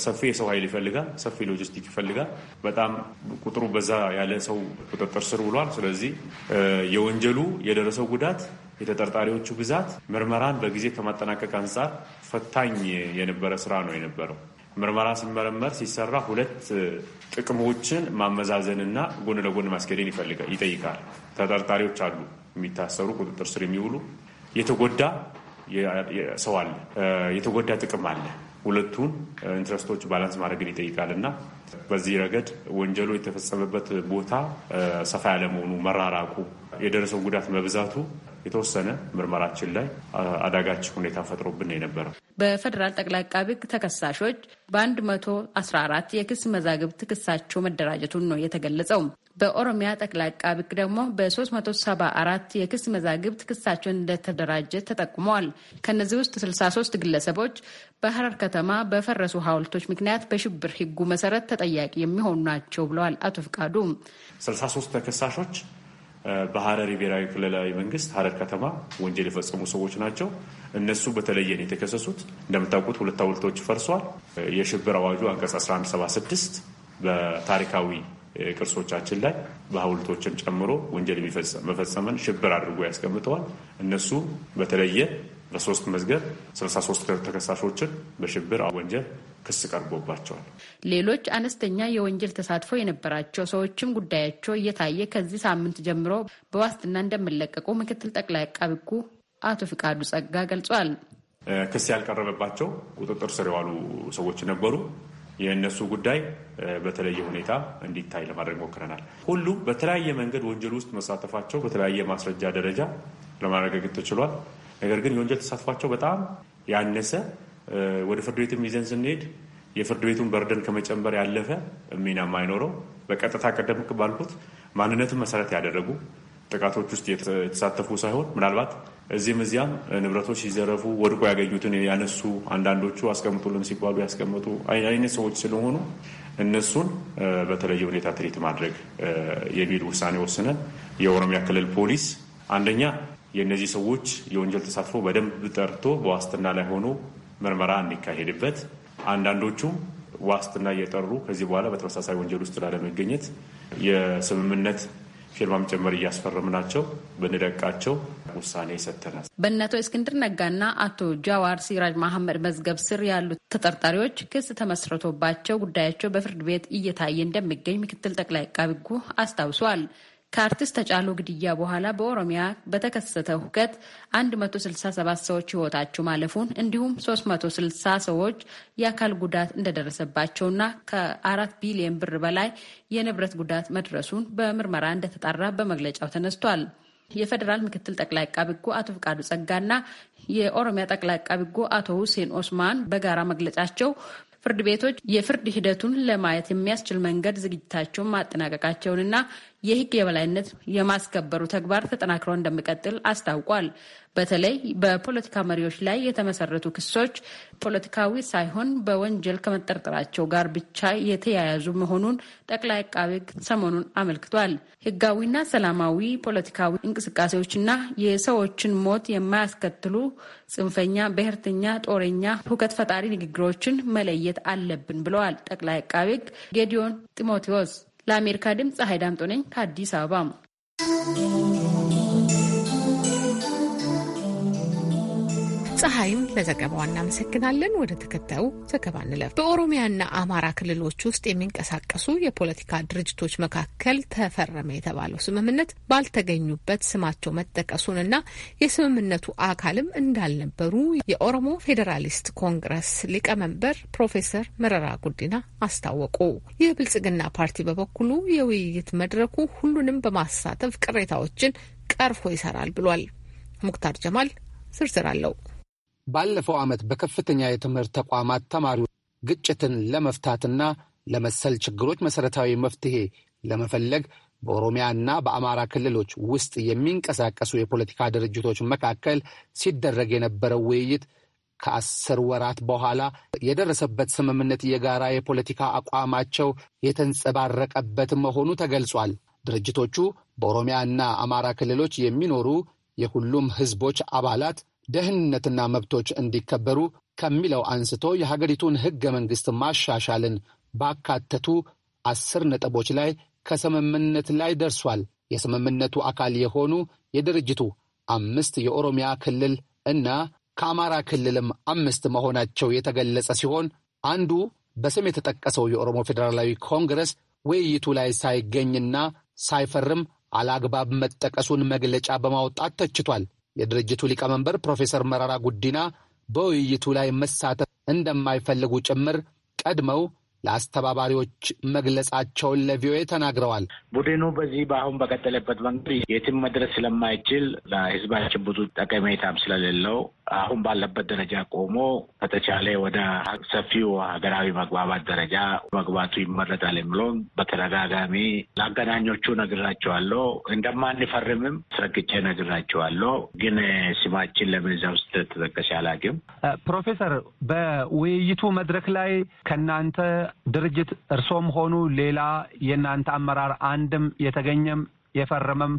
ሰፊ የሰው ኃይል ይፈልጋል። ሰፊ ሎጂስቲክ ይፈልጋል። በጣም ቁጥሩ በዛ ያለ ሰው ቁጥጥር ስር ውሏል። ስለዚህ የወንጀሉ የደረሰው ጉዳት፣ የተጠርጣሪዎቹ ብዛት ምርመራን በጊዜ ከማጠናቀቅ አንጻር ፈታኝ የነበረ ስራ ነው የነበረው። ምርመራ ሲመረመር ሲሰራ ሁለት ጥቅሞችን ማመዛዘንና ጎን ለጎን ማስኬድን ይፈልጋል ይጠይቃል። ተጠርጣሪዎች አሉ የሚታሰሩ ቁጥጥር ስር የሚውሉ የተጎዳ ሰው አለ፣ የተጎዳ ጥቅም አለ። ሁለቱን ኢንትረስቶች ባላንስ ማድረግን ይጠይቃል እና በዚህ ረገድ ወንጀሉ የተፈጸመበት ቦታ ሰፋ ያለመሆኑ መራራቁ፣ የደረሰውን ጉዳት መብዛቱ የተወሰነ ምርመራችን ላይ አዳጋች ሁኔታ ፈጥሮብን የነበረው። በፌዴራል ጠቅላይ አቃቢ ተከሳሾች በ114 የክስ መዛግብት ክሳቸው መደራጀቱን ነው የተገለጸው። በኦሮሚያ ጠቅላይ አቃቢ ሕግ ደግሞ በ374 የክስ መዛግብት ክሳቸውን እንደተደራጀ ተጠቁመዋል። ከነዚህ ውስጥ 63 ግለሰቦች በሐረር ከተማ በፈረሱ ሐውልቶች ምክንያት በሽብር ህጉ መሰረት ተጠያቂ የሚሆኑ ናቸው ብለዋል አቶ ፍቃዱ። 63 ተከሳሾች በሀረሪ ብሔራዊ ክልላዊ መንግስት ሀረር ከተማ ወንጀል የፈጸሙ ሰዎች ናቸው። እነሱ በተለየ ነው የተከሰሱት። እንደምታውቁት ሁለት ሐውልቶች ፈርሷል። የሽብር አዋጁ አንቀጽ 1176 በታሪካዊ ቅርሶቻችን ላይ በሐውልቶችን ጨምሮ ወንጀል መፈጸምን ሽብር አድርጎ ያስቀምጠዋል። እነሱ በተለየ በሶስት መዝገብ 63 ተከሳሾችን በሽብር ወንጀል ክስ ቀርቦባቸዋል። ሌሎች አነስተኛ የወንጀል ተሳትፎ የነበራቸው ሰዎችም ጉዳያቸው እየታየ ከዚህ ሳምንት ጀምሮ በዋስትና እንደሚለቀቁ ምክትል ጠቅላይ አቃቤ ሕጉ አቶ ፍቃዱ ጸጋ ገልጿል። ክስ ያልቀረበባቸው ቁጥጥር ስር የዋሉ ሰዎች ነበሩ። የእነሱ ጉዳይ በተለየ ሁኔታ እንዲታይ ለማድረግ ሞክረናል። ሁሉም በተለያየ መንገድ ወንጀል ውስጥ መሳተፋቸው በተለያየ ማስረጃ ደረጃ ለማረጋገጥ ተችሏል። ነገር ግን የወንጀል ተሳትፏቸው በጣም ያነሰ ወደ ፍርድ ቤትም ይዘን ስንሄድ የፍርድ ቤቱን በርደን ከመጨመር ያለፈ ሚና የማይኖረው በቀጥታ ቀደምክ ባልኩት ማንነትን መሰረት ያደረጉ ጥቃቶች ውስጥ የተሳተፉ ሳይሆን ምናልባት እዚህም እዚያም ንብረቶች ሲዘረፉ ወድቆ ያገኙትን ያነሱ አንዳንዶቹ አስቀምጡልን ሲባሉ ያስቀመጡ አይነት ሰዎች ስለሆኑ እነሱን በተለየ ሁኔታ ትሪት ማድረግ የሚል ውሳኔ ወስነን የኦሮሚያ ክልል ፖሊስ አንደኛ የእነዚህ ሰዎች የወንጀል ተሳትፎ በደንብ ጠርቶ በዋስትና ላይ ሆኖ ምርመራ እንዲካሄድበት አንዳንዶቹም ዋስትና እየጠሩ ከዚህ በኋላ በተመሳሳይ ወንጀል ውስጥ ላለመገኘት የስምምነት ፊርማም ጭምር ናቸው። ብንለቃቸው ውሳኔ ሰጥተናል። በእነ አቶ እስክንድር ነጋና አቶ ጃዋር ሲራጅ መሐመድ መዝገብ ስር ያሉት ተጠርጣሪዎች ክስ ተመስርቶባቸው ጉዳያቸው በፍርድ ቤት እየታየ እንደሚገኝ ምክትል ጠቅላይ አቃቤ ሕጉ አስታውሷል። ከአርቲስት ተጫሉ ግድያ በኋላ በኦሮሚያ በተከሰተ ሁከት 167 ሰዎች ህይወታቸው ማለፉን እንዲሁም 360 ሰዎች የአካል ጉዳት እንደደረሰባቸውና ከአራት ቢሊዮን ብር በላይ የንብረት ጉዳት መድረሱን በምርመራ እንደተጣራ በመግለጫው ተነስቷል። የፌዴራል ምክትል ጠቅላይ አቃቢ ሕጉ አቶ ፍቃዱ ጸጋና የኦሮሚያ ጠቅላይ አቃቢ ሕጉ አቶ ሁሴን ኦስማን በጋራ መግለጫቸው ፍርድ ቤቶች የፍርድ ሂደቱን ለማየት የሚያስችል መንገድ ዝግጅታቸውን ማጠናቀቃቸውንና የህግ የበላይነት የማስከበሩ ተግባር ተጠናክሮ እንደሚቀጥል አስታውቋል። በተለይ በፖለቲካ መሪዎች ላይ የተመሰረቱ ክሶች ፖለቲካዊ ሳይሆን በወንጀል ከመጠርጠራቸው ጋር ብቻ የተያያዙ መሆኑን ጠቅላይ አቃቤ ሰሞኑን አመልክቷል። ህጋዊና ሰላማዊ ፖለቲካዊ እንቅስቃሴዎችና የሰዎችን ሞት የማያስከትሉ ጽንፈኛ፣ ብሔርተኛ፣ ጦረኛ፣ ሁከት ፈጣሪ ንግግሮችን መለየት አለብን ብለዋል ጠቅላይ አቃቤ ጌዲዮን ጢሞቴዎስ ለአሜሪካ ድምፅ ሀይዳምጦ ነኝ ከአዲስ አበባ ፀሐይም ለዘገባዋ እናመሰግናለን። ወደ ተከታዩ ዘገባ እንለፍ። በኦሮሚያና አማራ ክልሎች ውስጥ የሚንቀሳቀሱ የፖለቲካ ድርጅቶች መካከል ተፈረመ የተባለው ስምምነት ባልተገኙበት ስማቸው መጠቀሱንና የስምምነቱ አካልም እንዳልነበሩ የኦሮሞ ፌዴራሊስት ኮንግረስ ሊቀመንበር ፕሮፌሰር መረራ ጉዲና አስታወቁ። የብልጽግና ፓርቲ በበኩሉ የውይይት መድረኩ ሁሉንም በማሳተፍ ቅሬታዎችን ቀርፎ ይሰራል ብሏል። ሙክታር ጀማል ዝርዝር አለው። ባለፈው ዓመት በከፍተኛ የትምህርት ተቋማት ተማሪዎች ግጭትን ለመፍታትና ለመሰል ችግሮች መሠረታዊ መፍትሄ ለመፈለግ በኦሮሚያና በአማራ ክልሎች ውስጥ የሚንቀሳቀሱ የፖለቲካ ድርጅቶች መካከል ሲደረግ የነበረው ውይይት ከአስር ወራት በኋላ የደረሰበት ስምምነት የጋራ የፖለቲካ አቋማቸው የተንጸባረቀበት መሆኑ ተገልጿል። ድርጅቶቹ በኦሮሚያና አማራ ክልሎች የሚኖሩ የሁሉም ሕዝቦች አባላት ደህንነትና መብቶች እንዲከበሩ ከሚለው አንስቶ የሀገሪቱን ህገ መንግሥት ማሻሻልን ባካተቱ አስር ነጥቦች ላይ ከስምምነት ላይ ደርሷል። የስምምነቱ አካል የሆኑ የድርጅቱ አምስት የኦሮሚያ ክልል እና ከአማራ ክልልም አምስት መሆናቸው የተገለጸ ሲሆን አንዱ በስም የተጠቀሰው የኦሮሞ ፌዴራላዊ ኮንግረስ ውይይቱ ላይ ሳይገኝና ሳይፈርም አላግባብ መጠቀሱን መግለጫ በማውጣት ተችቷል። የድርጅቱ ሊቀመንበር ፕሮፌሰር መራራ ጉዲና በውይይቱ ላይ መሳተፍ እንደማይፈልጉ ጭምር ቀድመው ለአስተባባሪዎች መግለጻቸውን ለቪኦኤ ተናግረዋል። ቡድኑ በዚህ በአሁን በቀጠለበት መንገድ የትም መድረስ ስለማይችል ለህዝባችን ብዙ ጠቀሜታም ስለሌለው አሁን ባለበት ደረጃ ቆሞ ከተቻለ ወደ ሰፊው ሀገራዊ መግባባት ደረጃ መግባቱ ይመረጣል የሚለውን በተደጋጋሚ ለአገናኞቹ ነግራቸዋለሁ። እንደማንፈርምም አስረግጬ ነግራቸዋለሁ። ግን ስማችን ለምን እዛ ውስጥ ተጠቀሰ አላውቅም። ፕሮፌሰር በውይይቱ መድረክ ላይ ከእናንተ ድርጅት እርሶም ሆኑ ሌላ የእናንተ አመራር አንድም የተገኘም የፈረመም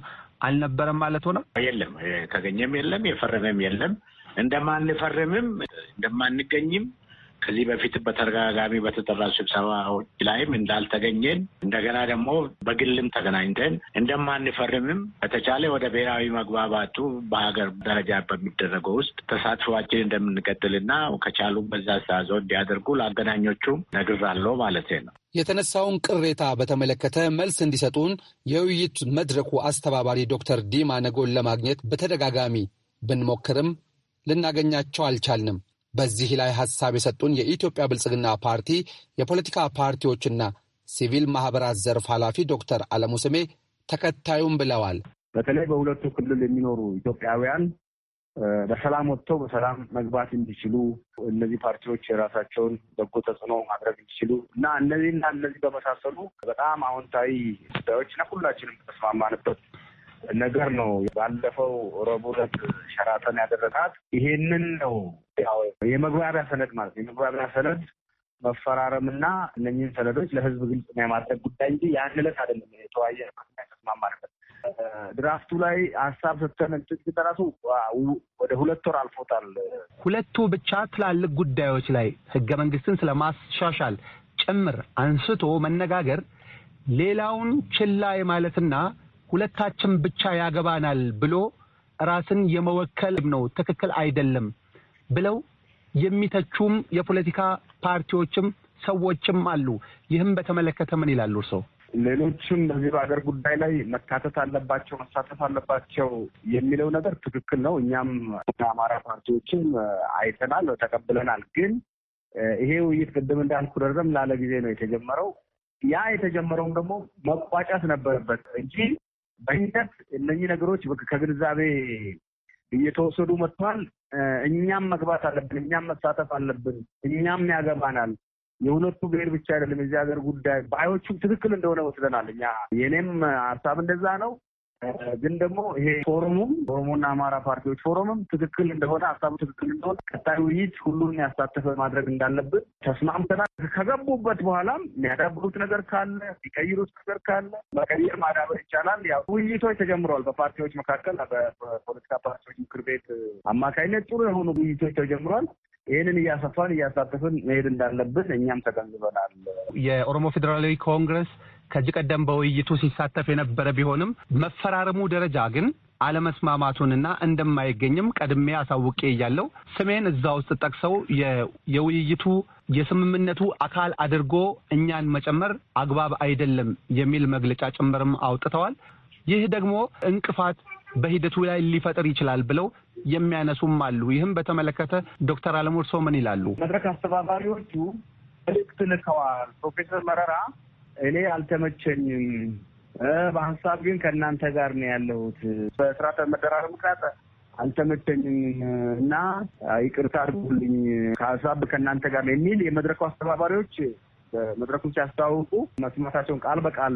አልነበረም ማለት ነው? የለም፣ የተገኘም የለም፣ የፈረመም የለም። እንደማንፈርምም እንደማንገኝም ከዚህ በፊት በተደጋጋሚ በተጠራ ስብሰባዎች ላይም እንዳልተገኘን እንደገና ደግሞ በግልም ተገናኝተን እንደማንፈርምም በተቻለ ወደ ብሔራዊ መግባባቱ በሀገር ደረጃ በሚደረገው ውስጥ ተሳትፏችን እንደምንቀጥልና ከቻሉ በዛ ሰዞ እንዲያደርጉ ለአገናኞቹም ነግራለሁ ማለት ነው። የተነሳውን ቅሬታ በተመለከተ መልስ እንዲሰጡን የውይይት መድረኩ አስተባባሪ ዶክተር ዲማ ነጎን ለማግኘት በተደጋጋሚ ብንሞክርም ልናገኛቸው አልቻልንም። በዚህ ላይ ሀሳብ የሰጡን የኢትዮጵያ ብልጽግና ፓርቲ የፖለቲካ ፓርቲዎችና ሲቪል ማህበራት ዘርፍ ኃላፊ ዶክተር አለሙ ስሜ ተከታዩም ብለዋል። በተለይ በሁለቱ ክልል የሚኖሩ ኢትዮጵያውያን በሰላም ወጥተው በሰላም መግባት እንዲችሉ እነዚህ ፓርቲዎች የራሳቸውን በጎ ተጽዕኖ ማድረግ እንዲችሉ እና እነዚህና እነዚህ በመሳሰሉ በጣም አዎንታዊ ጉዳዮች እና ሁላችንም ተስማማንበት ነገር ነው። ባለፈው ረቡዕ ዕለት ሸራተን ያደረጋት ይሄንን ነው። ያው የመግባቢያ ሰነድ ማለት ነው። የመግባቢያ ሰነድ መፈራረምና እነኝህን ሰነዶች ለህዝብ ግልጽ ነው የማድረግ ጉዳይ እንጂ ያን ዕለት አይደለም የተወያየ ተስማማንበት። ድራፍቱ ላይ ሀሳብ ሰተን እንትን ራሱ ወደ ሁለት ወር አልፎታል። ሁለቱ ብቻ ትላልቅ ጉዳዮች ላይ ህገ መንግስትን ስለማሻሻል ጭምር አንስቶ መነጋገር ሌላውን ችላ የማለትና ሁለታችን ብቻ ያገባናል ብሎ ራስን የመወከል ነው ትክክል አይደለም ብለው የሚተቹም የፖለቲካ ፓርቲዎችም ሰዎችም አሉ። ይህም በተመለከተ ምን ይላሉ እርስዎ? ሌሎችም በዚህ በሀገር ጉዳይ ላይ መካተት አለባቸው መሳተፍ አለባቸው የሚለው ነገር ትክክል ነው። እኛም የአማራ ፓርቲዎችም አይተናል፣ ተቀብለናል። ግን ይሄ ውይይት ቅድም እንዳልኩ ረዘም ላለ ጊዜ ነው የተጀመረው። ያ የተጀመረውም ደግሞ መቋጫት ነበረበት እንጂ በሂደት እነኚህ ነገሮች ከግንዛቤ እየተወሰዱ መጥተዋል። እኛም መግባት አለብን፣ እኛም መሳተፍ አለብን፣ እኛም ያገባናል። የሁለቱ ብሔር ብቻ አይደለም የዚህ ሀገር ጉዳይ ባዮቹም ትክክል እንደሆነ ወስደናል። እኛ የእኔም ሀሳብ እንደዛ ነው። ግን ደግሞ ይሄ ፎረሙም ኦሮሞና አማራ ፓርቲዎች ፎረምም ትክክል እንደሆነ ሀሳቡ ትክክል እንደሆነ ቀጣይ ውይይት ሁሉን ያሳተፈ ማድረግ እንዳለብን ተስማምተናል። ከገቡበት በኋላም የሚያዳብሩት ነገር ካለ የሚቀይሩት ነገር ካለ መቀየር ማዳበር ይቻላል። ያው ውይይቶች ተጀምረዋል። በፓርቲዎች መካከል በፖለቲካ ፓርቲዎች ምክር ቤት አማካኝነት ጥሩ የሆኑ ውይይቶች ተጀምረዋል። ይህንን እያሰፋን እያሳተፍን መሄድ እንዳለብን እኛም ተገንዝበናል። የኦሮሞ ፌዴራላዊ ኮንግረስ ከዚህ ቀደም በውይይቱ ሲሳተፍ የነበረ ቢሆንም መፈራረሙ ደረጃ ግን አለመስማማቱንና እንደማይገኝም ቀድሜ አሳውቄ እያለው ስሜን እዛ ውስጥ ጠቅሰው የውይይቱ የስምምነቱ አካል አድርጎ እኛን መጨመር አግባብ አይደለም የሚል መግለጫ ጭምርም አውጥተዋል። ይህ ደግሞ እንቅፋት በሂደቱ ላይ ሊፈጥር ይችላል ብለው የሚያነሱም አሉ። ይህም በተመለከተ ዶክተር አለሙርሶ ምን ይላሉ? መድረክ አስተባባሪዎቹ መልእክት ልከዋል። ፕሮፌሰር መረራ እኔ አልተመቸኝም፣ በሀሳብ ግን ከእናንተ ጋር ነው ያለሁት። በስራ መደራረብ ምክንያት አልተመቸኝም እና ይቅርታ አድርጉልኝ፣ ከሀሳብ ከእናንተ ጋር ነው የሚል የመድረኩ አስተባባሪዎች በመድረኩ ሲያስተዋውቁ መስማታቸውን ቃል በቃል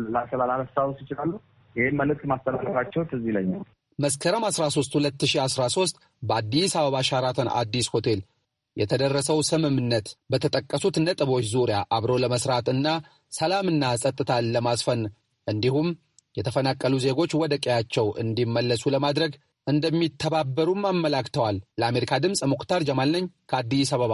ላስታውስ ይችላሉ። ይህም መልእክት ማስተላለፋቸው ትዝ ይለኛል። መስከረም 13 2013 በአዲስ አበባ ሸራተን አዲስ ሆቴል የተደረሰው ስምምነት በተጠቀሱት ነጥቦች ዙሪያ አብሮ ለመስራትና ሰላምና ጸጥታን ለማስፈን እንዲሁም የተፈናቀሉ ዜጎች ወደ ቀያቸው እንዲመለሱ ለማድረግ እንደሚተባበሩም አመላክተዋል። ለአሜሪካ ድምፅ ሙክታር ጀማል ነኝ ከአዲስ አበባ።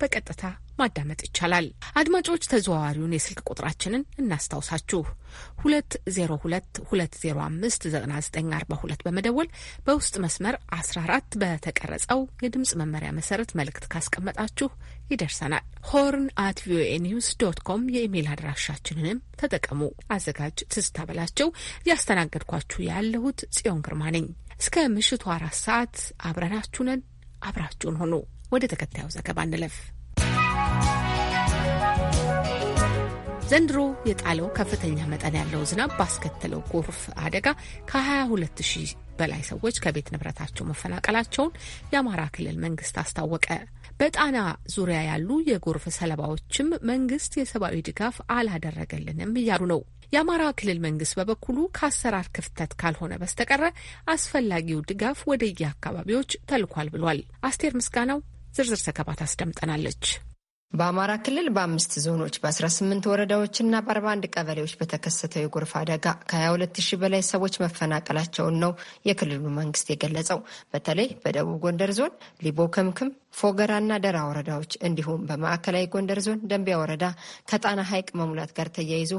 በቀጥታ ማዳመጥ ይቻላል። አድማጮች ተዘዋዋሪውን የስልክ ቁጥራችንን እናስታውሳችሁ 2022059942 በመደወል በውስጥ መስመር 14 በተቀረጸው የድምፅ መመሪያ መሰረት መልእክት ካስቀመጣችሁ ይደርሰናል። ሆርን አት ቪኦኤ ኒውስ ዶት ኮም የኢሜይል አድራሻችንንም ተጠቀሙ። አዘጋጅ ትዝታ በላቸው፣ እያስተናገድኳችሁ ያለሁት ጽዮን ግርማ ነኝ። እስከ ምሽቱ አራት ሰዓት አብረናችሁ ነን። አብራችሁን ሆኑ። ወደ ተከታዩ ዘገባ እንለፍ። ዘንድሮ የጣለው ከፍተኛ መጠን ያለው ዝናብ ባስከተለው ጎርፍ አደጋ ከ22 ሺህ በላይ ሰዎች ከቤት ንብረታቸው መፈናቀላቸውን የአማራ ክልል መንግስት አስታወቀ። በጣና ዙሪያ ያሉ የጎርፍ ሰለባዎችም መንግስት የሰብአዊ ድጋፍ አላደረገልንም እያሉ ነው። የአማራ ክልል መንግስት በበኩሉ ከአሰራር ክፍተት ካልሆነ በስተቀረ አስፈላጊው ድጋፍ ወደየ አካባቢዎች ተልኳል ብሏል። አስቴር ምስጋናው ዝርዝር ዘገባ ታስደምጠናለች። በአማራ ክልል በአምስት ዞኖች በ18 ወረዳዎችና በ41 ቀበሌዎች በተከሰተው የጎርፍ አደጋ ከ22 በላይ ሰዎች መፈናቀላቸውን ነው የክልሉ መንግስት የገለጸው። በተለይ በደቡብ ጎንደር ዞን ሊቦ ከምክም፣ ፎገራና ደራ ወረዳዎች እንዲሁም በማዕከላዊ ጎንደር ዞን ደንቢያ ወረዳ ከጣና ሐይቅ መሙላት ጋር ተያይዞ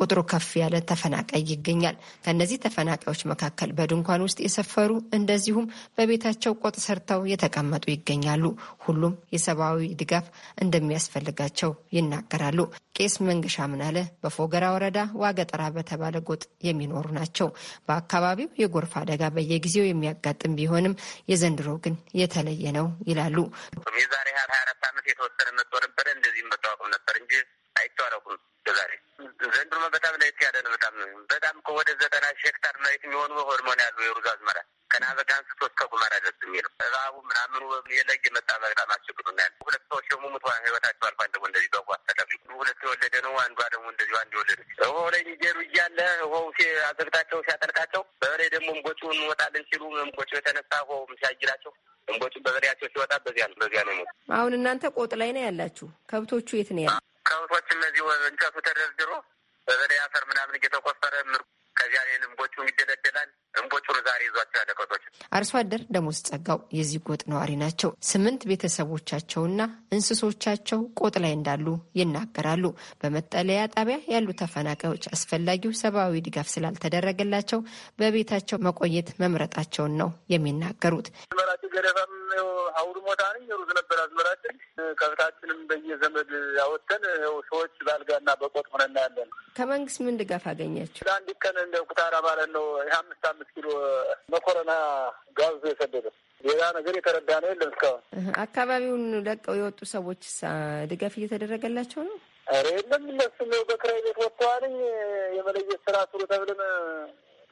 ቁጥሩ ከፍ ያለ ተፈናቃይ ይገኛል። ከእነዚህ ተፈናቃዮች መካከል በድንኳን ውስጥ የሰፈሩ እንደዚሁም በቤታቸው ቆጥ ሰርተው የተቀመጡ ይገኛሉ። ሁሉም የሰብአዊ ድጋፍ እንደሚያስፈልጋቸው ይናገራሉ። ቄስ መንገሻ ምናለ በፎገራ ወረዳ ዋገጠራ በተባለ ጎጥ የሚኖሩ ናቸው። በአካባቢው የጎርፍ አደጋ በየጊዜው የሚያጋጥም ቢሆንም የዘንድሮ ግን የተለየ ነው ይላሉ። የዛሬ ሀያ አራት አመት የተወሰነ መጥቶ ነበረ። እንደዚህም መታወቅም ነበር እንጂ አይተዋረኩም ዛሬ ዘንድሮ በጣም ለየት ያለ ነው። በጣም በጣም ወደ ዘጠና ሺህ ሄክታር መሬት የሚሆኑ ሆርሞን ያሉ የሩዝ አዝመራ ከና በጋን አንስቶ እስከ ጉመራ ድረስ የሚለው እባቡ ምናምኑ የለየ መጣ። በጣም አስቸግሩና ያለ ሁለት ሰዎች ደግሞ ሙት ህይወታቸው አልፏል። ደግሞ እንደዚህ በቧ ተቀቢ ሁለት የወለደ ነው። አንዷ ደግሞ እንደዚሁ አንድ የወለደ ውሃው ላይ ሚጀሩ እያለ ውሃው አዘግታቸው ሲያጠልቃቸው በበሬ ደግሞ እንቦጩ እንወጣለን ሲሉ እንቦጩ የተነሳ ውሃውም ሲያጅላቸው እንቦጩ በበሬያቸው ሲወጣ በዚያ ነው በዚያ ነው። አሁን እናንተ ቆጥ ላይ ነው ያላችሁ። ከብቶቹ የት ነው ያለ? ከብቶች እነዚህ እንጨቱ ተደርድሮ በበላይ አፈር ምናምን እየተቆፈረ ምር ከዚያ እኔንም ጎጩ ይደለደላል እንቦጭ ዛሬ ይዟቸው ያለ ከብቶች። አርሶ አደር ደሞዝ ጸጋው የዚህ ጎጥ ነዋሪ ናቸው። ስምንት ቤተሰቦቻቸውና እንስሶቻቸው ቆጥ ላይ እንዳሉ ይናገራሉ። በመጠለያ ጣቢያ ያሉ ተፈናቃዮች አስፈላጊው ሰብአዊ ድጋፍ ስላልተደረገላቸው በቤታቸው መቆየት መምረጣቸውን ነው የሚናገሩት። አዝመራችን ገደፋም ሩዝ ነበር አዝመራችን። ከብታችንም በየዘመድ ያወተን ሰዎች ባልጋና በቆጥ ሆነና ያለን። ከመንግስት ምን ድጋፍ አገኛቸው? ለአንድ ቀን እንደ ኩታራ ማለት ነው የአምስት አምስት ኪሎ መኮረና ጋብዞ የሰደደ ሌላ ነገር የተረዳ ነው የለም። እስካሁን አካባቢውን ለቀው የወጡ ሰዎች ድጋፍ እየተደረገላቸው ነው። ኧረ የለም ነው በክራይ ቤት ወጥተዋልኝ የመለየት ስራ ስሩ ተብለን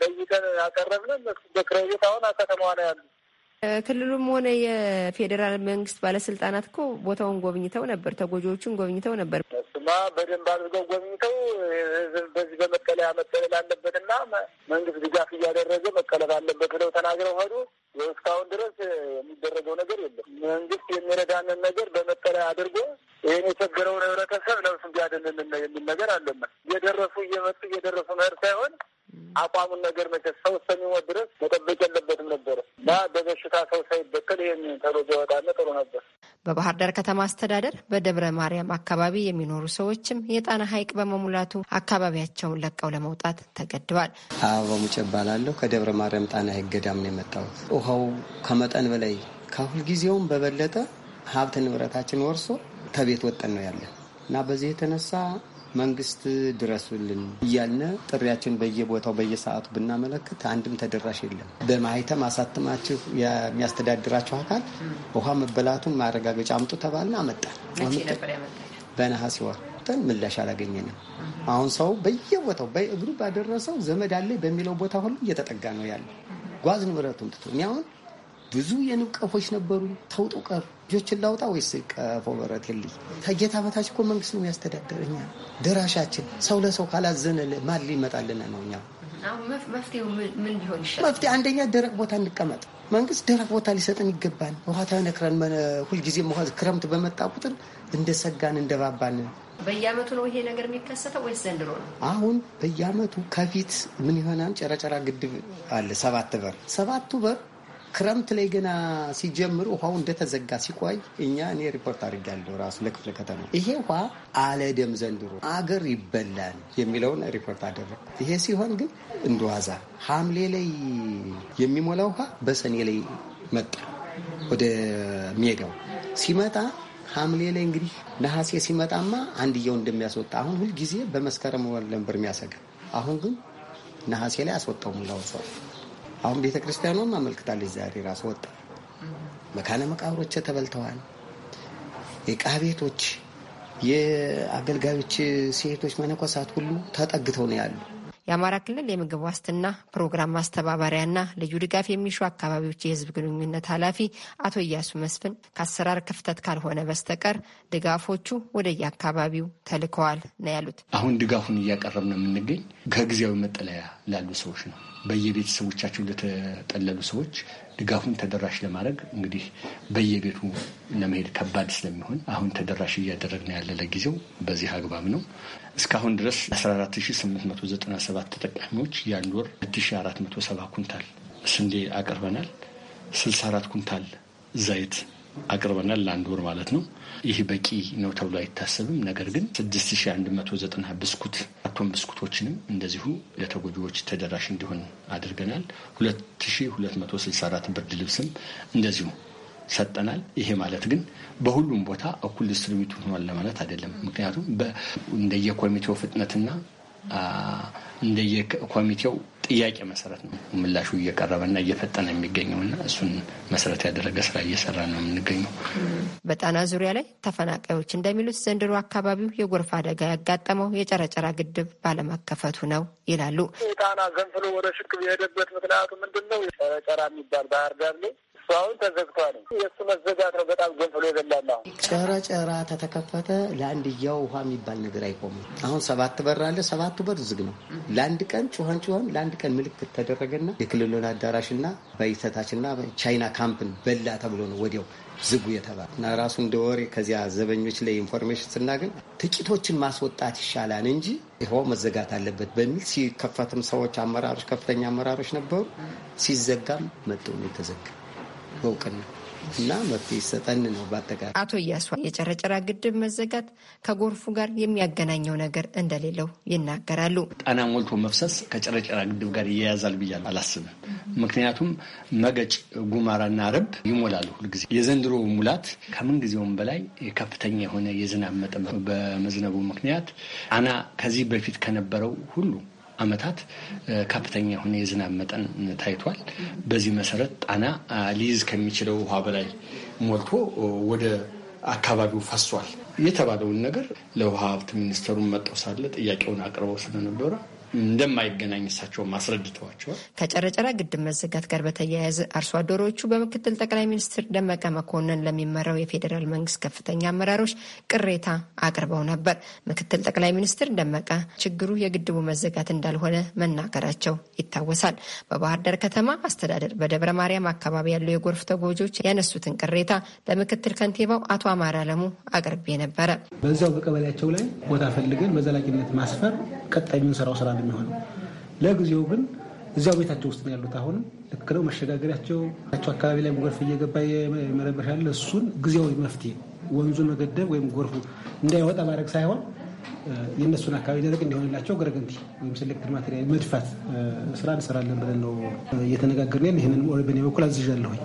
ለይተን ያቀረብነ እነሱ በክራይ ቤት አሁን አከተማዋ ነው ያሉ ክልሉም ሆነ የፌዴራል መንግስት ባለስልጣናት እኮ ቦታውን ጎብኝተው ነበር፣ ተጎጂዎቹን ጎብኝተው ነበር። እሱማ በደንብ አድርገው ጎብኝተው በዚህ በመጠለያ መጠለል አለበትና መንግስት ድጋፍ እያደረገ መቀለል አለበት ብለው ተናግረው ሄዱ። እስካሁን ድረስ የሚደረገው ነገር የለም። መንግስት የሚረዳንን ነገር በመጠለያ አድርጎ ይህን የቸገረውን ህብረተሰብ ለብሱ እንዲያደንልን የሚል ነገር አለም እየደረሱ እየመጡ እየደረሱ መሄድ ሳይሆን አቋሙን ነገር መቼ ሰው እስከሚሞት ድረስ መጠበቅ የለበትም ነበረ እና በበሽ በሽታ ሰው ሳይበከል ይህን ተሎ ቢወጣለ ጥሩ ነበር። በባህር ዳር ከተማ አስተዳደር በደብረ ማርያም አካባቢ የሚኖሩ ሰዎችም የጣና ሐይቅ በመሙላቱ አካባቢያቸውን ለቀው ለመውጣት ተገድበዋል። አበባ ሙጬ እባላለሁ። ከደብረ ማርያም ጣና ሐይቅ ገዳም ነው የመጣሁት። ውሃው ከመጠን በላይ ከሁልጊዜውም በበለጠ ሀብት ንብረታችን ወርሶ ከቤት ወጠን ነው ያለን እና በዚህ የተነሳ መንግስት ድረሱልን እያልን ጥሪያችን በየቦታው በየሰዓቱ ብናመለክት አንድም ተደራሽ የለም። በማህተም አሳትማችሁ የሚያስተዳድራችሁ አካል ውሃ መበላቱን ማረጋገጫ አምጡ ተባልን። አመጣን በነሐሴ ወር ጠን ምላሽ አላገኘንም። አሁን ሰው በየቦታው በእግሩ ባደረሰው ዘመድ አለ በሚለው ቦታ ሁሉ እየተጠጋ ነው ያለ ጓዝ ንብረቱን ትቶ እኔ አሁን ብዙ የንብ ቀፎች ነበሩ፣ ተውጦ ቀሩ። ልጆችን ላውጣ ወይስ ቀፎ በረት የልኝ? ከጌታ በታች እኮ መንግስት ነው ያስተዳደረኛ። ደራሻችን ሰው ለሰው ካላዘነ ማን ሊመጣልን ነው? እኛ መፍትሄ አንደኛ ደረቅ ቦታ እንቀመጥ። መንግስት ደረቅ ቦታ ሊሰጥን ይገባል። ውሃ ተነክረን ሁልጊዜ ክረምት በመጣ ቁጥር እንደ ሰጋን እንደባባን በየአመቱ ነው ይሄ ነገር የሚከሰተው ወይስ ዘንድሮ ነው? አሁን በየአመቱ ከፊት ምን ይሆናል? ጨረጨራ ግድብ አለ ሰባት በር ሰባቱ በር ክረምት ላይ ገና ሲጀምሩ ውሃው እንደተዘጋ ሲቆይ እኛ እኔ ሪፖርት አድርጌያለሁ ራሱ ለክፍለ ከተማ ይሄ ውሃ አለደም ዘንድሮ አገር ይበላል የሚለውን ሪፖርት አደረግ። ይሄ ሲሆን ግን እንደዋዛ ሐምሌ ላይ የሚሞላ ውሃ በሰኔ ላይ መጣ ወደ ሜዳው ሲመጣ ሐምሌ ላይ እንግዲህ ነሐሴ ሲመጣማ አንድየው እንደሚያስወጣ አሁን ሁልጊዜ በመስከረም ወር የሚያሰጋ። አሁን ግን ነሐሴ ላይ አስወጣው ሰው አሁን ቤተ ክርስቲያኗም አመልክታለች። ዛሬ ራስ ወጣ መካነ መቃብሮች ተበልተዋል። የቃ ቤቶች፣ የአገልጋዮች ሴቶች፣ መነኮሳት ሁሉ ተጠግተው ነው ያሉ። የአማራ ክልል የምግብ ዋስትና ፕሮግራም ማስተባበሪያና ልዩ ድጋፍ የሚሹ አካባቢዎች የህዝብ ግንኙነት ኃላፊ አቶ እያሱ መስፍን ከአሰራር ክፍተት ካልሆነ በስተቀር ድጋፎቹ ወደ የአካባቢው ተልከዋል ነው ያሉት። አሁን ድጋፉን እያቀረብ ነው የምንገኝ ከጊዜያዊ መጠለያ ላሉ ሰዎች ነው። በየቤተሰቦቻቸው ለተጠለሉ ሰዎች ድጋፉን ተደራሽ ለማድረግ እንግዲህ በየቤቱ ለመሄድ ከባድ ስለሚሆን አሁን ተደራሽ እያደረግን ያለ ለጊዜው በዚህ አግባብ ነው። እስካሁን ድረስ 14897 ተጠቃሚዎች የአንድ ወር 1470 ኩንታል ስንዴ አቅርበናል። 64 ኩንታል ዘይት አቅርበናል ለአንድ ወር ማለት ነው። ይህ በቂ ነው ተብሎ አይታሰብም። ነገር ግን 6190 ብስኩት አቶም ብስኩቶችንም እንደዚሁ ለተጎጂዎች ተደራሽ እንዲሆን አድርገናል። 2264 ብርድ ልብስም እንደዚሁ ሰጠናል። ይሄ ማለት ግን በሁሉም ቦታ እኩል ዲስትሪቢዩት ሆኗል ለማለት አይደለም። ምክንያቱም እንደየኮሚቴው ፍጥነትና እንደየኮሚቴው ጥያቄ መሰረት ነው ምላሹ እየቀረበና እየፈጠነ የሚገኘውና እሱን መሰረት ያደረገ ስራ እየሰራ ነው የምንገኘው። በጣና ዙሪያ ላይ ተፈናቃዮች እንደሚሉት ዘንድሮ አካባቢው የጎርፍ አደጋ ያጋጠመው የጨረጨራ ግድብ ባለመከፈቱ ነው ይላሉ። ጣና ዘንፍሎ ወደ ሽርክ የሄደበት ምክንያቱ ምንድን ነው? ጨረጨራ የሚባል ባህር ዳር ላይ እሱ አሁን ተዘግቷል። የእሱ መዘጋት ነው በጣም ገንፍሎ የበላል። ጨራ ጨራ ተተከፈተ። ለአንድያው ውሃ የሚባል ነገር አይቆምም። አሁን ሰባት በር አለ። ሰባቱ በር ዝግ ነው። ለአንድ ቀን ጩኸን ጩኸን ለአንድ ቀን ምልክት ተደረገና የክልሉን አዳራሽና በይተታችና ቻይና ካምፕን በላ ተብሎ ነው ወዲያው ዝጉ የተባለ እና ራሱ እንደ ወሬ ከዚያ ዘበኞች ላይ ኢንፎርሜሽን ስናገኝ ትጭቶችን ማስወጣት ይሻላል እንጂ ይኸው መዘጋት አለበት በሚል ሲከፈትም ሰዎች አመራሮች፣ ከፍተኛ አመራሮች ነበሩ። ሲዘጋም መጠው ነው የተዘጋ በእውቅና እና መፍትሄ ይሰጠን ነው። በአጠቃላይ አቶ እያሱ የጨረጨራ ግድብ መዘጋት ከጎርፉ ጋር የሚያገናኘው ነገር እንደሌለው ይናገራሉ። ጣና ሞልቶ መፍሰስ ከጨረጨራ ግድብ ጋር ይያያዛል ብያል አላስብም። ምክንያቱም መገጭ፣ ጉማራና ረብ ይሞላሉ ሁልጊዜ። የዘንድሮ ሙላት ከምንጊዜውም በላይ ከፍተኛ የሆነ የዝናብ መጠን በመዝነቡ ምክንያት ጣና ከዚህ በፊት ከነበረው ሁሉ ዓመታት ከፍተኛ የሆነ የዝናብ መጠን ታይቷል። በዚህ መሰረት ጣና ሊይዝ ከሚችለው ውሃ በላይ ሞልቶ ወደ አካባቢው ፈሷል የተባለውን ነገር ለውሃ ሀብት ሚኒስተሩን መጠው ሳለ ጥያቄውን አቅርበው ስለነበረ እንደማይገናኝ እሳቸው አስረድተዋቸዋል። ከጨረጨራ ግድብ መዘጋት ጋር በተያያዘ አርሶ አደሮቹ በምክትል ጠቅላይ ሚኒስትር ደመቀ መኮንን ለሚመራው የፌዴራል መንግስት ከፍተኛ አመራሮች ቅሬታ አቅርበው ነበር። ምክትል ጠቅላይ ሚኒስትር ደመቀ ችግሩ የግድቡ መዘጋት እንዳልሆነ መናገራቸው ይታወሳል። በባህር ዳር ከተማ አስተዳደር በደብረ ማርያም አካባቢ ያለው የጎርፍ ተጎጆች ያነሱትን ቅሬታ ለምክትል ከንቲባው አቶ አማረ አለሙ አቅርቤ ነበረ። በዚያው በቀበሌያቸው ላይ ቦታ ፈልገን በዘላቂነት ማስፈር ቀጣይ የምንሰራው ስራ ነው የሚሆነው። ለጊዜው ግን እዚያው ቤታቸው ውስጥ ነው ያሉት። አሁንም ልክ ነው መሸጋገሪያቸው ቸው አካባቢ ላይ ጎርፍ እየገባ የመረበሻ ያለ እሱን ጊዜያዊ መፍትሄ ወንዙን መገደብ ወይም ጎርፉ እንዳይወጣ ማድረግ ሳይሆን የእነሱን አካባቢ ደረቅ እንዲሆንላቸው ገረገንቲ ወይም ሴሌክትድ ማቴሪያል መድፋት ስራ እንሰራለን ብለን ነው እየተነጋገርን። ይህንን በኔ በኩል አዝዣለሁኝ።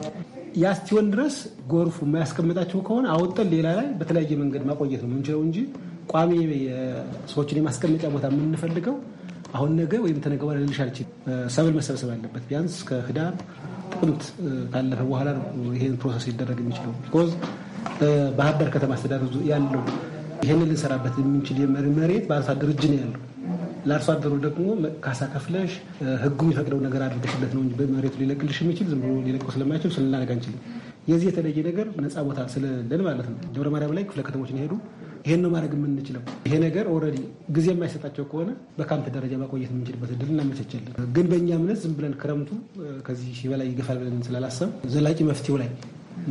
ያ ድረስ ጎርፉ የማያስቀምጣቸው ከሆነ አውጠን ሌላ ላይ በተለያየ መንገድ ማቆየት ነው የምንችለው እንጂ ቋሚ ሰዎችን የማስቀመጫ ቦታ የምንፈልገው አሁን ነገ ወይም ተነገ ሊሽ ልልሽ አልችልም። ሰብል መሰብሰብ አለበት። ቢያንስ ከህዳር ጥቅምት ካለፈ በኋላ ነው ይሄን ፕሮሰስ ሊደረግ የሚችለው። ቢኮዝ ባህር ዳር ከተማ አስተዳደር ያለው ይህንን ልንሰራበት የምንችል መሬት በአርሶ አደር እጅ ነው ያለው። ለአርሶ አደሩ ደግሞ ካሳ ከፍለሽ ህጉ የሚፈቅደው ነገር አድርገሽለት ነው እንጂ በመሬቱ ሊለቅልሽ የሚችል ዝም ብሎ ሊለቀው ስለማይችል ስለናደርግ አንችልም። የዚህ የተለየ ነገር ነፃ ቦታ ስለለን ማለት ነው። ደብረ ማርያም ላይ ክፍለ ከተሞችን ሄዱ ይሄን ነው ማድረግ የምንችለው። ይሄ ነገር ኦልሬዲ ጊዜ የማይሰጣቸው ከሆነ በካምፕ ደረጃ ማቆየት የምንችልበት እድል እናመቻቻለን። ግን በእኛ እምነት ዝም ብለን ክረምቱ ከዚህ በላይ ይገፋል ብለን ስላላሰብ ዘላቂ መፍትሄው ላይ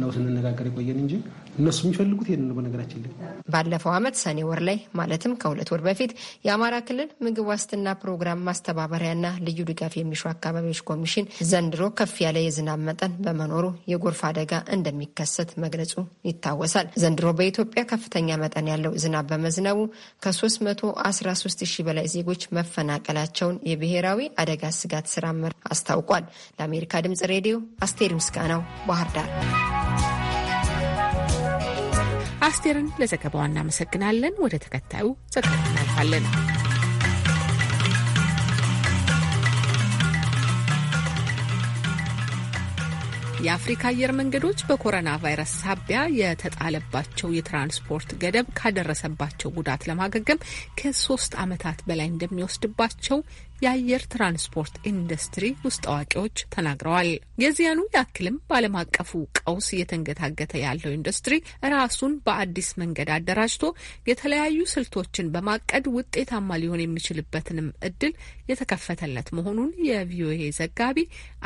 ነው ስንነጋገር የቆየን እንጂ እነሱ የሚፈልጉት ይሄን ነው። በነገራችን ላይ ባለፈው ዓመት ሰኔ ወር ላይ ማለትም ከሁለት ወር በፊት የአማራ ክልል ምግብ ዋስትና ፕሮግራም ማስተባበሪያና ልዩ ድጋፍ የሚሹ አካባቢዎች ኮሚሽን ዘንድሮ ከፍ ያለ የዝናብ መጠን በመኖሩ የጎርፍ አደጋ እንደሚከሰት መግለጹ ይታወሳል። ዘንድሮ በኢትዮጵያ ከፍተኛ መጠን ያለው ዝናብ በመዝነቡ ከ313 ሺህ በላይ ዜጎች መፈናቀላቸውን የብሔራዊ አደጋ ስጋት ስራ አመራር አስታውቋል። ለአሜሪካ ድምጽ ሬዲዮ አስቴር ምስጋናው ባህር ዳር አስቴርን ለዘገባዋ እናመሰግናለን። ወደ ተከታዩ ዘገባ እናልፋለን። የአፍሪካ አየር መንገዶች በኮሮና ቫይረስ ሳቢያ የተጣለባቸው የትራንስፖርት ገደብ ካደረሰባቸው ጉዳት ለማገገም ከሶስት ዓመታት በላይ እንደሚወስድባቸው የአየር ትራንስፖርት ኢንዱስትሪ ውስጥ አዋቂዎች ተናግረዋል። የዚያኑ ያክልም በዓለም አቀፉ ቀውስ እየተንገታገተ ያለው ኢንዱስትሪ ራሱን በአዲስ መንገድ አደራጅቶ የተለያዩ ስልቶችን በማቀድ ውጤታማ ሊሆን የሚችልበትንም እድል የተከፈተለት መሆኑን የቪኦኤ ዘጋቢ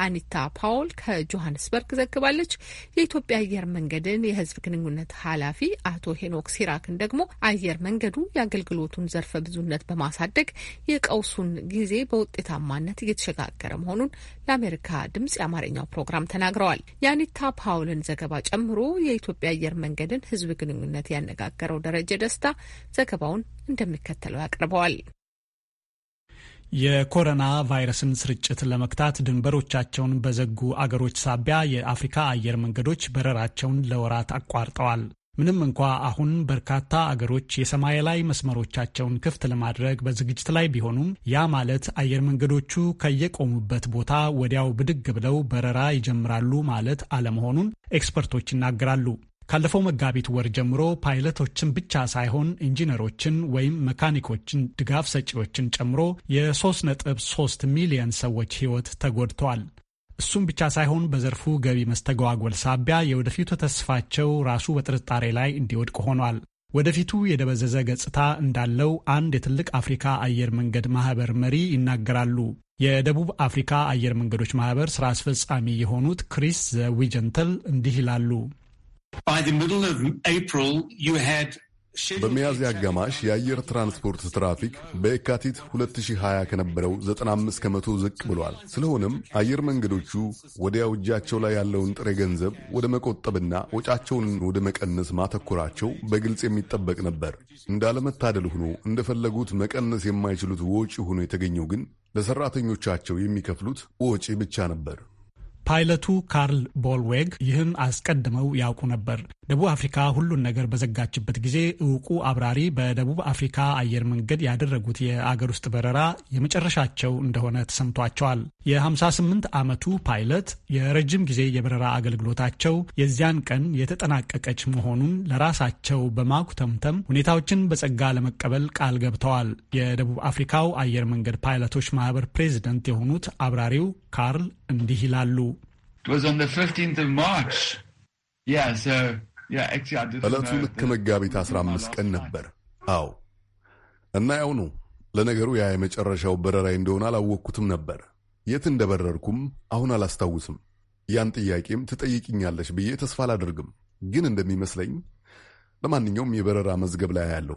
አኒታ ፓውል ከጆሀንስበርግ ዘግባለች። የኢትዮጵያ አየር መንገድን የህዝብ ግንኙነት ኃላፊ አቶ ሄኖክ ሲራክን ደግሞ አየር መንገዱ የአገልግሎቱን ዘርፈ ብዙነት በማሳደግ የቀውሱን ጊዜ በውጤታማነት እየተሸጋገረ መሆኑን ለአሜሪካ ድምጽ የአማርኛው ፕሮግራም ተናግረዋል። የአኒታ ፓውልን ዘገባ ጨምሮ የኢትዮጵያ አየር መንገድን ሕዝብ ግንኙነት ያነጋገረው ደረጀ ደስታ ዘገባውን እንደሚከተለው ያቀርበዋል። የኮሮና ቫይረስን ስርጭት ለመግታት ድንበሮቻቸውን በዘጉ አገሮች ሳቢያ የአፍሪካ አየር መንገዶች በረራቸውን ለወራት አቋርጠዋል። ምንም እንኳ አሁን በርካታ አገሮች የሰማይ ላይ መስመሮቻቸውን ክፍት ለማድረግ በዝግጅት ላይ ቢሆኑም ያ ማለት አየር መንገዶቹ ከየቆሙበት ቦታ ወዲያው ብድግ ብለው በረራ ይጀምራሉ ማለት አለመሆኑን ኤክስፐርቶች ይናገራሉ። ካለፈው መጋቢት ወር ጀምሮ ፓይለቶችን ብቻ ሳይሆን ኢንጂነሮችን ወይም መካኒኮችን፣ ድጋፍ ሰጪዎችን ጨምሮ የ3.3 ሚሊዮን ሰዎች ሕይወት ተጎድተዋል። እሱም ብቻ ሳይሆን በዘርፉ ገቢ መስተጓጎል ሳቢያ የወደፊቱ ተስፋቸው ራሱ በጥርጣሬ ላይ እንዲወድቅ ሆኗል። ወደፊቱ የደበዘዘ ገጽታ እንዳለው አንድ የትልቅ አፍሪካ አየር መንገድ ማህበር መሪ ይናገራሉ። የደቡብ አፍሪካ አየር መንገዶች ማህበር ስራ አስፈጻሚ የሆኑት ክሪስ ዘዊጀንተል እንዲህ ይላሉ። By the middle of April, you had በሚያዝያ አጋማሽ የአየር ትራንስፖርት ትራፊክ በየካቲት 2020 ከነበረው 95 ከመቶ ዝቅ ብሏል። ስለሆነም አየር መንገዶቹ ወዲያው እጃቸው ላይ ያለውን ጥሬ ገንዘብ ወደ መቆጠብና ወጫቸውን ወደ መቀነስ ማተኮራቸው በግልጽ የሚጠበቅ ነበር። እንዳለመታደል ሆኖ እንደፈለጉት መቀነስ የማይችሉት ወጪ ሆኖ የተገኘው ግን ለሰራተኞቻቸው የሚከፍሉት ወጪ ብቻ ነበር። ፓይለቱ ካርል ቦልዌግ ይህን አስቀድመው ያውቁ ነበር። ደቡብ አፍሪካ ሁሉን ነገር በዘጋችበት ጊዜ እውቁ አብራሪ በደቡብ አፍሪካ አየር መንገድ ያደረጉት የአገር ውስጥ በረራ የመጨረሻቸው እንደሆነ ተሰምቷቸዋል። የ58 ዓመቱ ፓይለት የረጅም ጊዜ የበረራ አገልግሎታቸው የዚያን ቀን የተጠናቀቀች መሆኑን ለራሳቸው በማኩተምተም ሁኔታዎችን በጸጋ ለመቀበል ቃል ገብተዋል። የደቡብ አፍሪካው አየር መንገድ ፓይለቶች ማህበር ፕሬዚደንት የሆኑት አብራሪው ካርል እንዲህ ይላሉ። ዕለቱ ልክ መጋቢት 15 ቀን ነበር። አዎ እና ያው ነው። ለነገሩ ያ የመጨረሻው በረራይ እንደሆነ አላወቅኩትም ነበር። የት እንደበረርኩም አሁን አላስታውስም። ያን ጥያቄም ትጠይቅኛለች ብዬ ተስፋ አላደርግም፣ ግን እንደሚመስለኝ ለማንኛውም የበረራ መዝገብ ላይ ያለው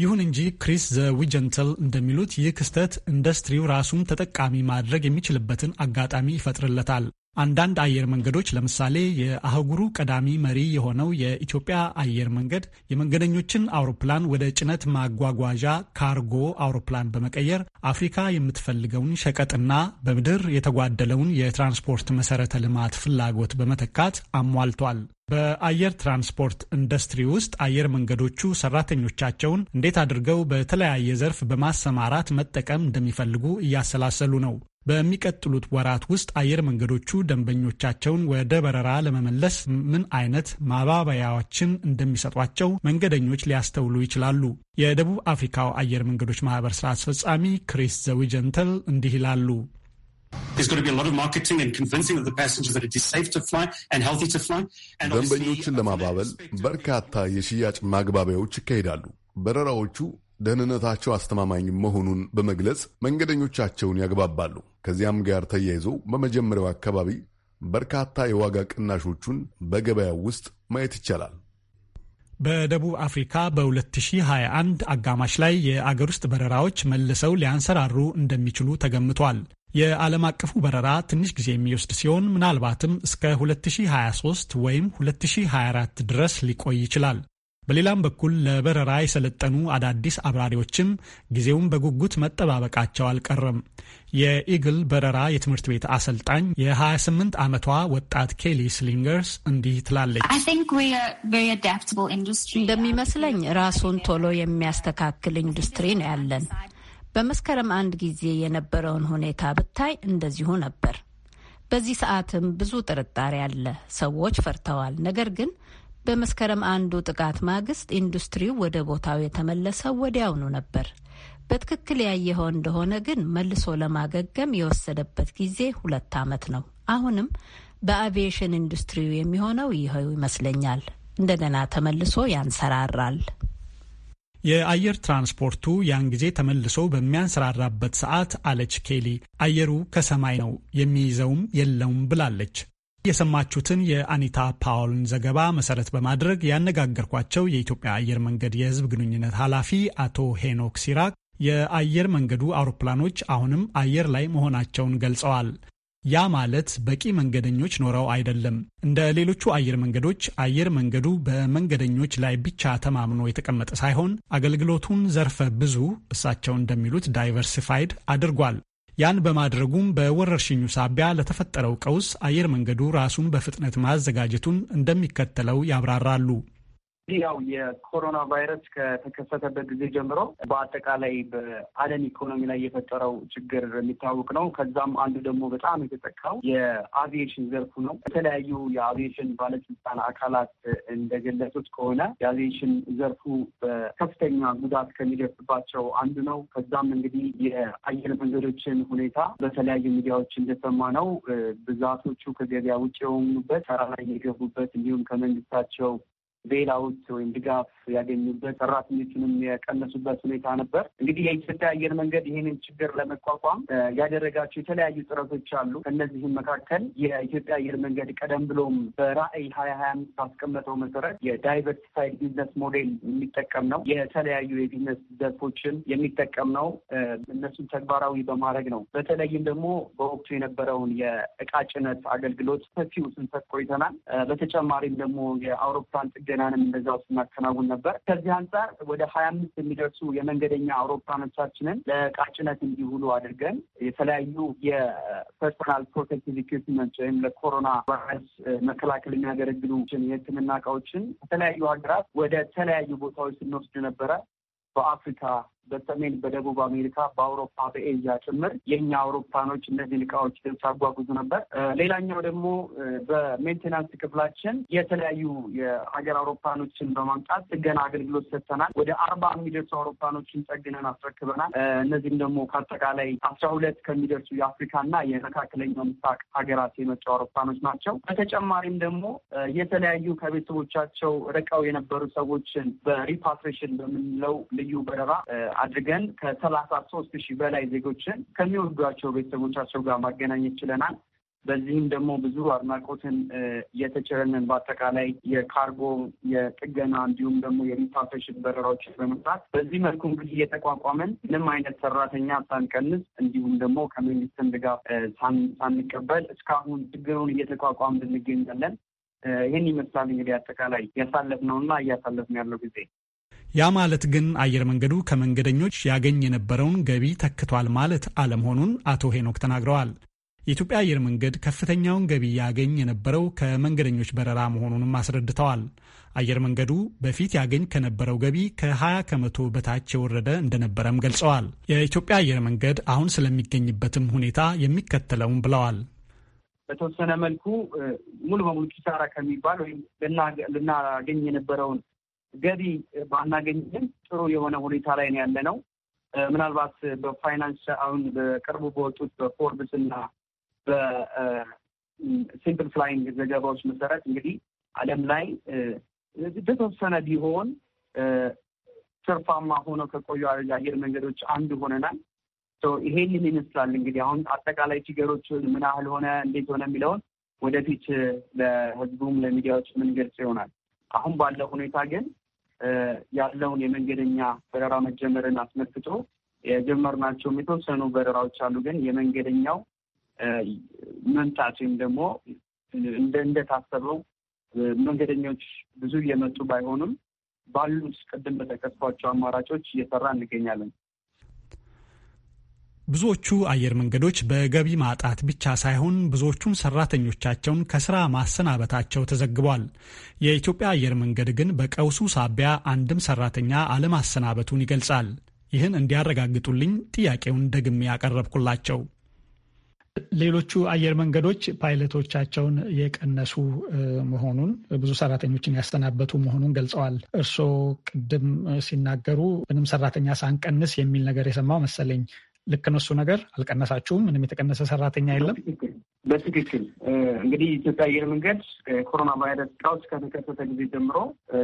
ይሁን እንጂ ክሪስ ዘ ዊጀንትል እንደሚሉት ይህ ክስተት ኢንዱስትሪው ራሱም ተጠቃሚ ማድረግ የሚችልበትን አጋጣሚ ይፈጥርለታል። አንዳንድ አየር መንገዶች ለምሳሌ የአህጉሩ ቀዳሚ መሪ የሆነው የኢትዮጵያ አየር መንገድ የመንገደኞችን አውሮፕላን ወደ ጭነት ማጓጓዣ ካርጎ አውሮፕላን በመቀየር አፍሪካ የምትፈልገውን ሸቀጥና በምድር የተጓደለውን የትራንስፖርት መሰረተ ልማት ፍላጎት በመተካት አሟልቷል። በአየር ትራንስፖርት ኢንዱስትሪ ውስጥ አየር መንገዶቹ ሰራተኞቻቸውን እንዴት አድርገው በተለያየ ዘርፍ በማሰማራት መጠቀም እንደሚፈልጉ እያሰላሰሉ ነው። በሚቀጥሉት ወራት ውስጥ አየር መንገዶቹ ደንበኞቻቸውን ወደ በረራ ለመመለስ ምን አይነት ማባበያዎችን እንደሚሰጧቸው መንገደኞች ሊያስተውሉ ይችላሉ። የደቡብ አፍሪካው አየር መንገዶች ማህበር ስራ አስፈጻሚ ክሪስ ዘዊጀንተል እንዲህ ይላሉ። ደንበኞችን ለማባበል በርካታ የሽያጭ ማግባቢያዎች ይካሄዳሉ። በረራዎቹ ደህንነታቸው አስተማማኝ መሆኑን በመግለጽ መንገደኞቻቸውን ያግባባሉ። ከዚያም ጋር ተያይዞ በመጀመሪያው አካባቢ በርካታ የዋጋ ቅናሾቹን በገበያው ውስጥ ማየት ይቻላል። በደቡብ አፍሪካ በ2021 አጋማሽ ላይ የአገር ውስጥ በረራዎች መልሰው ሊያንሰራሩ እንደሚችሉ ተገምቷል። የዓለም አቀፉ በረራ ትንሽ ጊዜ የሚወስድ ሲሆን ምናልባትም እስከ 2023 ወይም 2024 ድረስ ሊቆይ ይችላል። በሌላም በኩል ለበረራ የሰለጠኑ አዳዲስ አብራሪዎችም ጊዜውን በጉጉት መጠባበቃቸው አልቀረም። የኢግል በረራ የትምህርት ቤት አሰልጣኝ የ28 ዓመቷ ወጣት ኬሊ ስሊንገርስ እንዲህ ትላለች። እንደሚመስለኝ ራሱን ቶሎ የሚያስተካክል ኢንዱስትሪ ነው ያለን። በመስከረም አንድ ጊዜ የነበረውን ሁኔታ ብታይ እንደዚሁ ነበር። በዚህ ሰዓትም ብዙ ጥርጣሬ አለ። ሰዎች ፈርተዋል። ነገር ግን በመስከረም አንዱ ጥቃት ማግስት ኢንዱስትሪው ወደ ቦታው የተመለሰው ወዲያውኑ ነበር። በትክክል ያየኸው እንደሆነ ግን መልሶ ለማገገም የወሰደበት ጊዜ ሁለት ዓመት ነው። አሁንም በአቪዬሽን ኢንዱስትሪው የሚሆነው ይኸው ይመስለኛል። እንደገና ተመልሶ ያንሰራራል። የአየር ትራንስፖርቱ ያን ጊዜ ተመልሶ በሚያንሰራራበት ሰዓት አለች ኬሊ፣ አየሩ ከሰማይ ነው የሚይዘውም የለውም ብላለች። የሰማችሁትን የአኒታ ፓውልን ዘገባ መሰረት በማድረግ ያነጋገርኳቸው የኢትዮጵያ አየር መንገድ የህዝብ ግንኙነት ኃላፊ አቶ ሄኖክ ሲራክ የአየር መንገዱ አውሮፕላኖች አሁንም አየር ላይ መሆናቸውን ገልጸዋል። ያ ማለት በቂ መንገደኞች ኖረው አይደለም። እንደ ሌሎቹ አየር መንገዶች አየር መንገዱ በመንገደኞች ላይ ብቻ ተማምኖ የተቀመጠ ሳይሆን አገልግሎቱን ዘርፈ ብዙ፣ እሳቸው እንደሚሉት ዳይቨርሲፋይድ አድርጓል። ያን በማድረጉም በወረርሽኙ ሳቢያ ለተፈጠረው ቀውስ አየር መንገዱ ራሱን በፍጥነት ማዘጋጀቱን እንደሚከተለው ያብራራሉ። እንግዲህ ያው የኮሮና ቫይረስ ከተከሰተበት ጊዜ ጀምሮ በአጠቃላይ በዓለም ኢኮኖሚ ላይ የፈጠረው ችግር የሚታወቅ ነው። ከዛም አንዱ ደግሞ በጣም የተጠቃው የአቪዬሽን ዘርፉ ነው። የተለያዩ የአቪዬሽን ባለስልጣን አካላት እንደገለጹት ከሆነ የአቪዬሽን ዘርፉ በከፍተኛ ጉዳት ከሚደርስባቸው አንዱ ነው። ከዛም እንግዲህ የአየር መንገዶችን ሁኔታ በተለያዩ ሚዲያዎች እንደሰማ ነው ብዛቶቹ ከገበያ ውጭ የሆኑበት ተራ ላይ የገቡበት እንዲሁም ከመንግስታቸው ቤላዎች ወይም ድጋፍ ያገኙበት ሰራተኞቹንም የቀነሱበት ሁኔታ ነበር። እንግዲህ የኢትዮጵያ አየር መንገድ ይህንን ችግር ለመቋቋም ያደረጋቸው የተለያዩ ጥረቶች አሉ። ከእነዚህም መካከል የኢትዮጵያ አየር መንገድ ቀደም ብሎም በራዕይ ሀያ ሀያ አምስት ባስቀመጠው መሰረት የዳይቨርሲፋይድ ቢዝነስ ሞዴል የሚጠቀም ነው። የተለያዩ የቢዝነስ ዘርፎችን የሚጠቀም ነው። እነሱን ተግባራዊ በማድረግ ነው። በተለይም ደግሞ በወቅቱ የነበረውን የእቃ ጭነት አገልግሎት ሰፊው ስንሰጥ ቆይተናል። በተጨማሪም ደግሞ የአውሮፕላን ጥገ ጤናንም ውስጥ ስናከናውን ነበር። ከዚህ አንጻር ወደ ሀያ አምስት የሚደርሱ የመንገደኛ አውሮፕላኖቻችንን ለቃጭነት እንዲውሉ አድርገን የተለያዩ የፐርሶናል ፕሮቴክቲቭ ኢኩዊፕመንት ወይም ለኮሮና ቫይረስ መከላከል የሚያገለግሉችን የሕክምና እቃዎችን ከተለያዩ ሀገራት ወደ ተለያዩ ቦታዎች ስንወስድ ነበረ። በአፍሪካ በሰሜን በደቡብ አሜሪካ፣ በአውሮፓ፣ በኤዥያ ጭምር የኛ አውሮፓኖች እነዚህን እቃዎች ሲያጓጉዙ ነበር። ሌላኛው ደግሞ በሜንቴናንስ ክፍላችን የተለያዩ የሀገር አውሮፓኖችን በማምጣት ጥገና አገልግሎት ሰጥተናል። ወደ አርባ የሚደርሱ አውሮፓኖችን ጠግነን አስረክበናል። እነዚህም ደግሞ ከአጠቃላይ አስራ ሁለት ከሚደርሱ የአፍሪካና የመካከለኛው ምስራቅ ሀገራት የመጡ አውሮፓኖች ናቸው። በተጨማሪም ደግሞ የተለያዩ ከቤተሰቦቻቸው ርቀው የነበሩ ሰዎችን በሪፓትሬሽን በምንለው ልዩ በረራ አድርገን ከሰላሳ ሶስት ሺህ በላይ ዜጎችን ከሚወዷቸው ቤተሰቦቻቸው ጋር ማገናኘት ችለናል። በዚህም ደግሞ ብዙ አድናቆትን እየተቸረንን በአጠቃላይ የካርጎ የጥገና እንዲሁም ደግሞ የሪፓርቴሽን በረራዎችን በመስራት በዚህ መልኩ እንግዲህ እየተቋቋመን ምንም አይነት ሰራተኛ ሳንቀንስ እንዲሁም ደግሞ ከመንግስትን ድጋፍ ሳንቀበል እስካሁን ችግሩን እየተቋቋምን እንገኛለን። ይህን ይመስላል እንግዲህ አጠቃላይ እያሳለፍ ነው ያለው ጊዜ ያ ማለት ግን አየር መንገዱ ከመንገደኞች ያገኝ የነበረውን ገቢ ተክቷል ማለት አለመሆኑን አቶ ሄኖክ ተናግረዋል። የኢትዮጵያ አየር መንገድ ከፍተኛውን ገቢ ያገኝ የነበረው ከመንገደኞች በረራ መሆኑንም አስረድተዋል። አየር መንገዱ በፊት ያገኝ ከነበረው ገቢ ከ20 ከመቶ በታች የወረደ እንደነበረም ገልጸዋል። የኢትዮጵያ አየር መንገድ አሁን ስለሚገኝበትም ሁኔታ የሚከተለውም ብለዋል። በተወሰነ መልኩ ሙሉ በሙሉ ኪሳራ ከሚባል ወይም ልናገኝ የነበረውን ገቢ ባናገኝም ጥሩ የሆነ ሁኔታ ላይ ነው ያለ ነው። ምናልባት በፋይናንስ አሁን በቅርቡ በወጡት በፎርብስ እና በሲምፕል ፍላይንግ ዘገባዎች መሰረት እንግዲህ ዓለም ላይ በተወሰነ ቢሆን ትርፋማ ሆነው ከቆዩ አየር መንገዶች አንዱ ሆነናል። ይሄንን ይመስላል እንግዲህ አሁን አጠቃላይ ፊገሮች ምን ያህል ሆነ እንዴት ሆነ የሚለውን ወደፊት ለህዝቡም ለሚዲያዎች የምንገልጽ ይሆናል። አሁን ባለው ሁኔታ ግን ያለውን የመንገደኛ በረራ መጀመርን አስመልክቶ የጀመርናቸውም የተወሰኑ በረራዎች አሉ። ግን የመንገደኛው መምጣት ወይም ደግሞ እንደታሰበው መንገደኞች ብዙ እየመጡ ባይሆኑም ባሉት ቅድም በተከስቷቸው አማራጮች እየሰራ እንገኛለን። ብዙዎቹ አየር መንገዶች በገቢ ማጣት ብቻ ሳይሆን ብዙዎቹም ሰራተኞቻቸውን ከስራ ማሰናበታቸው ተዘግቧል። የኢትዮጵያ አየር መንገድ ግን በቀውሱ ሳቢያ አንድም ሰራተኛ አለማሰናበቱን ይገልጻል። ይህን እንዲያረጋግጡልኝ ጥያቄውን ደግሜ ያቀረብኩላቸው ሌሎቹ አየር መንገዶች ፓይለቶቻቸውን የቀነሱ መሆኑን ብዙ ሰራተኞችን ያሰናበቱ መሆኑን ገልጸዋል። እርስዎ ቅድም ሲናገሩ ምንም ሰራተኛ ሳንቀንስ የሚል ነገር የሰማው መሰለኝ። ልክ ነው እሱ ነገር አልቀነሳችሁም? ምንም የተቀነሰ ሰራተኛ የለም። በትክክል እንግዲህ ኢትዮጵያ አየር መንገድ ኮሮና ቫይረስ ቀውስ ከተከሰተ ጊዜ ጀምሮ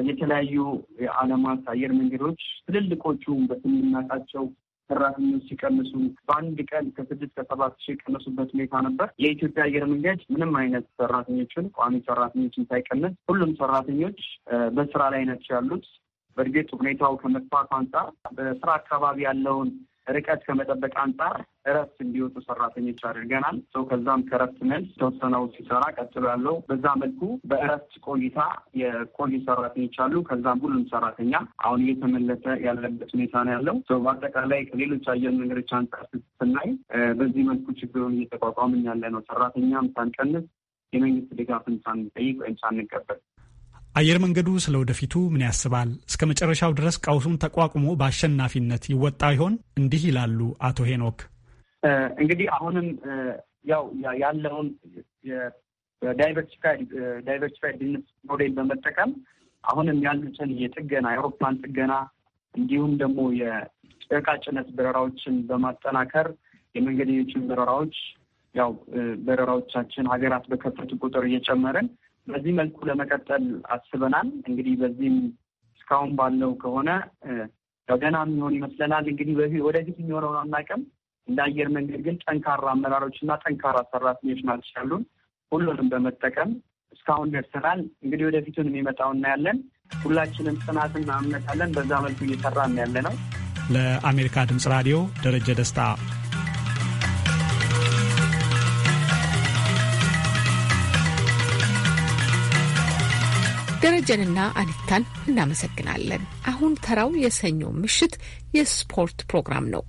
የተለያዩ የዓለማት አየር መንገዶች ትልልቆቹ በስምናቃቸው ሰራተኞች ሲቀንሱ በአንድ ቀን ከስድስት ከሰባት ሺህ የቀነሱበት ሁኔታ ነበር። የኢትዮጵያ አየር መንገድ ምንም አይነት ሰራተኞችን ቋሚ ሰራተኞችን ሳይቀንስ ሁሉም ሰራተኞች በስራ ላይ ናቸው ያሉት። በእርግጥ ሁኔታው ከመጥፋት አንጻር በስራ አካባቢ ያለውን ርቀት ከመጠበቅ አንጻር እረፍት እንዲወጡ ሰራተኞች አድርገናል። ሰው ከዛም ከእረፍት መልስ ተወሰነው ሲሰራ ቀጥሎ ያለው በዛ መልኩ በእረፍት ቆይታ የቆዩ ሰራተኞች አሉ። ከዛም ሁሉም ሰራተኛ አሁን እየተመለሰ ያለበት ሁኔታ ነው ያለው። በአጠቃላይ ከሌሎች አየር መንገዶች አንጻር ስናይ በዚህ መልኩ ችግሩን እየተቋቋምን ያለ ነው። ሰራተኛም ሳንቀንስ የመንግስት ድጋፍን ሳንጠይቅ ወይም ሳንቀበል አየር መንገዱ ስለ ወደፊቱ ምን ያስባል? እስከ መጨረሻው ድረስ ቀውሱን ተቋቁሞ በአሸናፊነት ይወጣ ይሆን? እንዲህ ይላሉ አቶ ሄኖክ። እንግዲህ አሁንም ያው ያለውን ዳይቨርሲፋይድ ቢዝነስ ሞዴል በመጠቀም አሁንም ያሉትን የጥገና የአውሮፕላን ጥገና እንዲሁም ደግሞ የእቃ ጭነት በረራዎችን በማጠናከር የመንገደኞችን በረራዎች ያው በረራዎቻችን ሀገራት በከፈቱ ቁጥር እየጨመርን በዚህ መልኩ ለመቀጠል አስበናል። እንግዲህ በዚህም እስካሁን ባለው ከሆነ ገና የሚሆን ይመስለናል። እንግዲህ ወደፊት የሚሆነውን አናውቅም። እንደ አየር መንገድ ግን ጠንካራ አመራሮች እና ጠንካራ ሰራተኞች ናቸው ያሉን። ሁሉንም በመጠቀም እስካሁን ደርሰናል። እንግዲህ ወደፊቱን የሚመጣው እናያለን። ሁላችንም ጽናትና እምነት አለን። በዛ መልኩ እየሰራ ያለ ነው። ለአሜሪካ ድምፅ ራዲዮ ደረጀ ደስታ ደረጀንና አኒታን እናመሰግናለን። አሁን ተራው የሰኞ ምሽት የስፖርት ፕሮግራም ነው።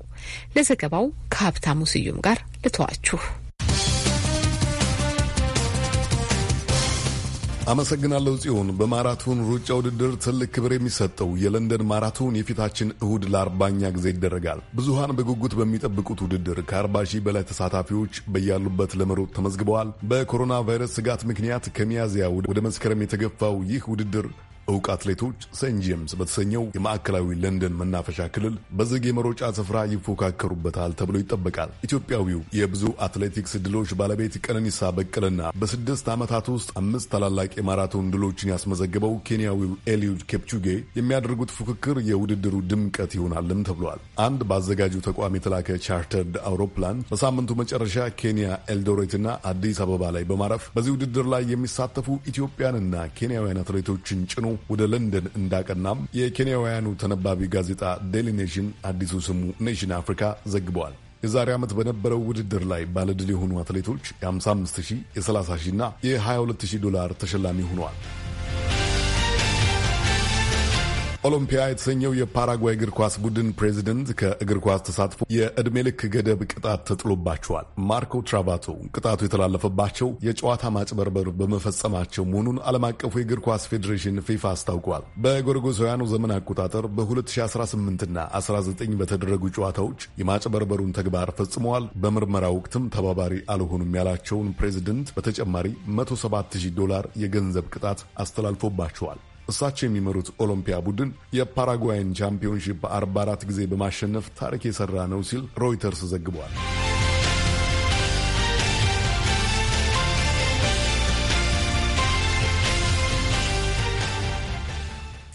ለዘገባው ከሀብታሙ ስዩም ጋር ልተዋችሁ። አመሰግናለሁ ጽዮን። በማራቶን ሩጫ ውድድር ትልቅ ክብር የሚሰጠው የለንደን ማራቶን የፊታችን እሁድ ለአርባኛ ጊዜ ይደረጋል። ብዙሃን በጉጉት በሚጠብቁት ውድድር ከአርባ ሺህ በላይ ተሳታፊዎች በያሉበት ለመሮጥ ተመዝግበዋል። በኮሮና ቫይረስ ስጋት ምክንያት ከሚያዝያ ወደ መስከረም የተገፋው ይህ ውድድር እውቅ አትሌቶች ሴንት ጄምስ በተሰኘው የማዕከላዊ ለንደን መናፈሻ ክልል በዝግ የመሮጫ ስፍራ ይፎካከሩበታል ተብሎ ይጠበቃል። ኢትዮጵያዊው የብዙ አትሌቲክስ ድሎች ባለቤት ቀነኒሳ በቀለና በስድስት ዓመታት ውስጥ አምስት ታላላቅ የማራቶን ድሎችን ያስመዘገበው ኬንያዊው ኤልዩድ ኬፕቹጌ የሚያደርጉት ፉክክር የውድድሩ ድምቀት ይሆናልም ተብሏል። አንድ በአዘጋጁ ተቋም የተላከ ቻርተርድ አውሮፕላን በሳምንቱ መጨረሻ ኬንያ ኤልዶሬትና አዲስ አበባ ላይ በማረፍ በዚህ ውድድር ላይ የሚሳተፉ ኢትዮጵያንና ኬንያውያን አትሌቶችን ጭኖ ወደ ለንደን እንዳቀናም የኬንያውያኑ ተነባቢ ጋዜጣ ዴሊ ኔሽን አዲሱ ስሙ ኔሽን አፍሪካ ዘግበዋል። የዛሬ ዓመት በነበረው ውድድር ላይ ባለድል የሆኑ አትሌቶች የ55 ሺህ፣ የ30 ሺህ እና የ22 ሺህ ዶላር ተሸላሚ ሆነዋል። ኦሎምፒያ የተሰኘው የፓራጓይ እግር ኳስ ቡድን ፕሬዚደንት ከእግር ኳስ ተሳትፎ የዕድሜ ልክ ገደብ ቅጣት ተጥሎባቸዋል። ማርኮ ትራቫቶ ቅጣቱ የተላለፈባቸው የጨዋታ ማጭበርበር በመፈጸማቸው መሆኑን ዓለም አቀፉ የእግር ኳስ ፌዴሬሽን ፊፋ አስታውቋል። በጎርጎሳውያኑ ዘመን አቆጣጠር በ2018ና 19 በተደረጉ ጨዋታዎች የማጭበርበሩን ተግባር ፈጽመዋል። በምርመራ ወቅትም ተባባሪ አልሆኑም ያላቸውን ፕሬዚደንት በተጨማሪ 170 ዶላር የገንዘብ ቅጣት አስተላልፎባቸዋል። እሳቸው የሚመሩት ኦሎምፒያ ቡድን የፓራጓይን ቻምፒዮንሺፕ በ44 ጊዜ በማሸነፍ ታሪክ የሰራ ነው ሲል ሮይተርስ ዘግቧል።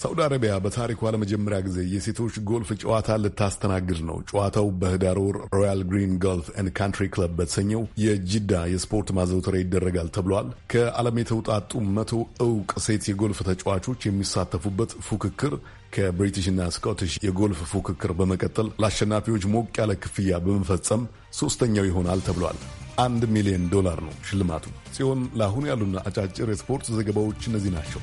ሳውዲ አረቢያ በታሪኳ ለመጀመሪያ ጊዜ የሴቶች ጎልፍ ጨዋታ ልታስተናግድ ነው። ጨዋታው በህዳር ወር ሮያል ግሪን ጎልፍ ኤንድ ካንትሪ ክለብ በተሰኘው የጂዳ የስፖርት ማዘውተሪያ ይደረጋል ተብሏል። ከዓለም የተውጣጡ መቶ እውቅ ሴት የጎልፍ ተጫዋቾች የሚሳተፉበት ፉክክር ከብሪቲሽና ስኮቲሽ የጎልፍ ፉክክር በመቀጠል ለአሸናፊዎች ሞቅ ያለ ክፍያ በመፈጸም ሶስተኛው ይሆናል ተብሏል። አንድ ሚሊዮን ዶላር ነው ሽልማቱ። ሲሆን ለአሁኑ ያሉና አጫጭር የስፖርት ዘገባዎች እነዚህ ናቸው።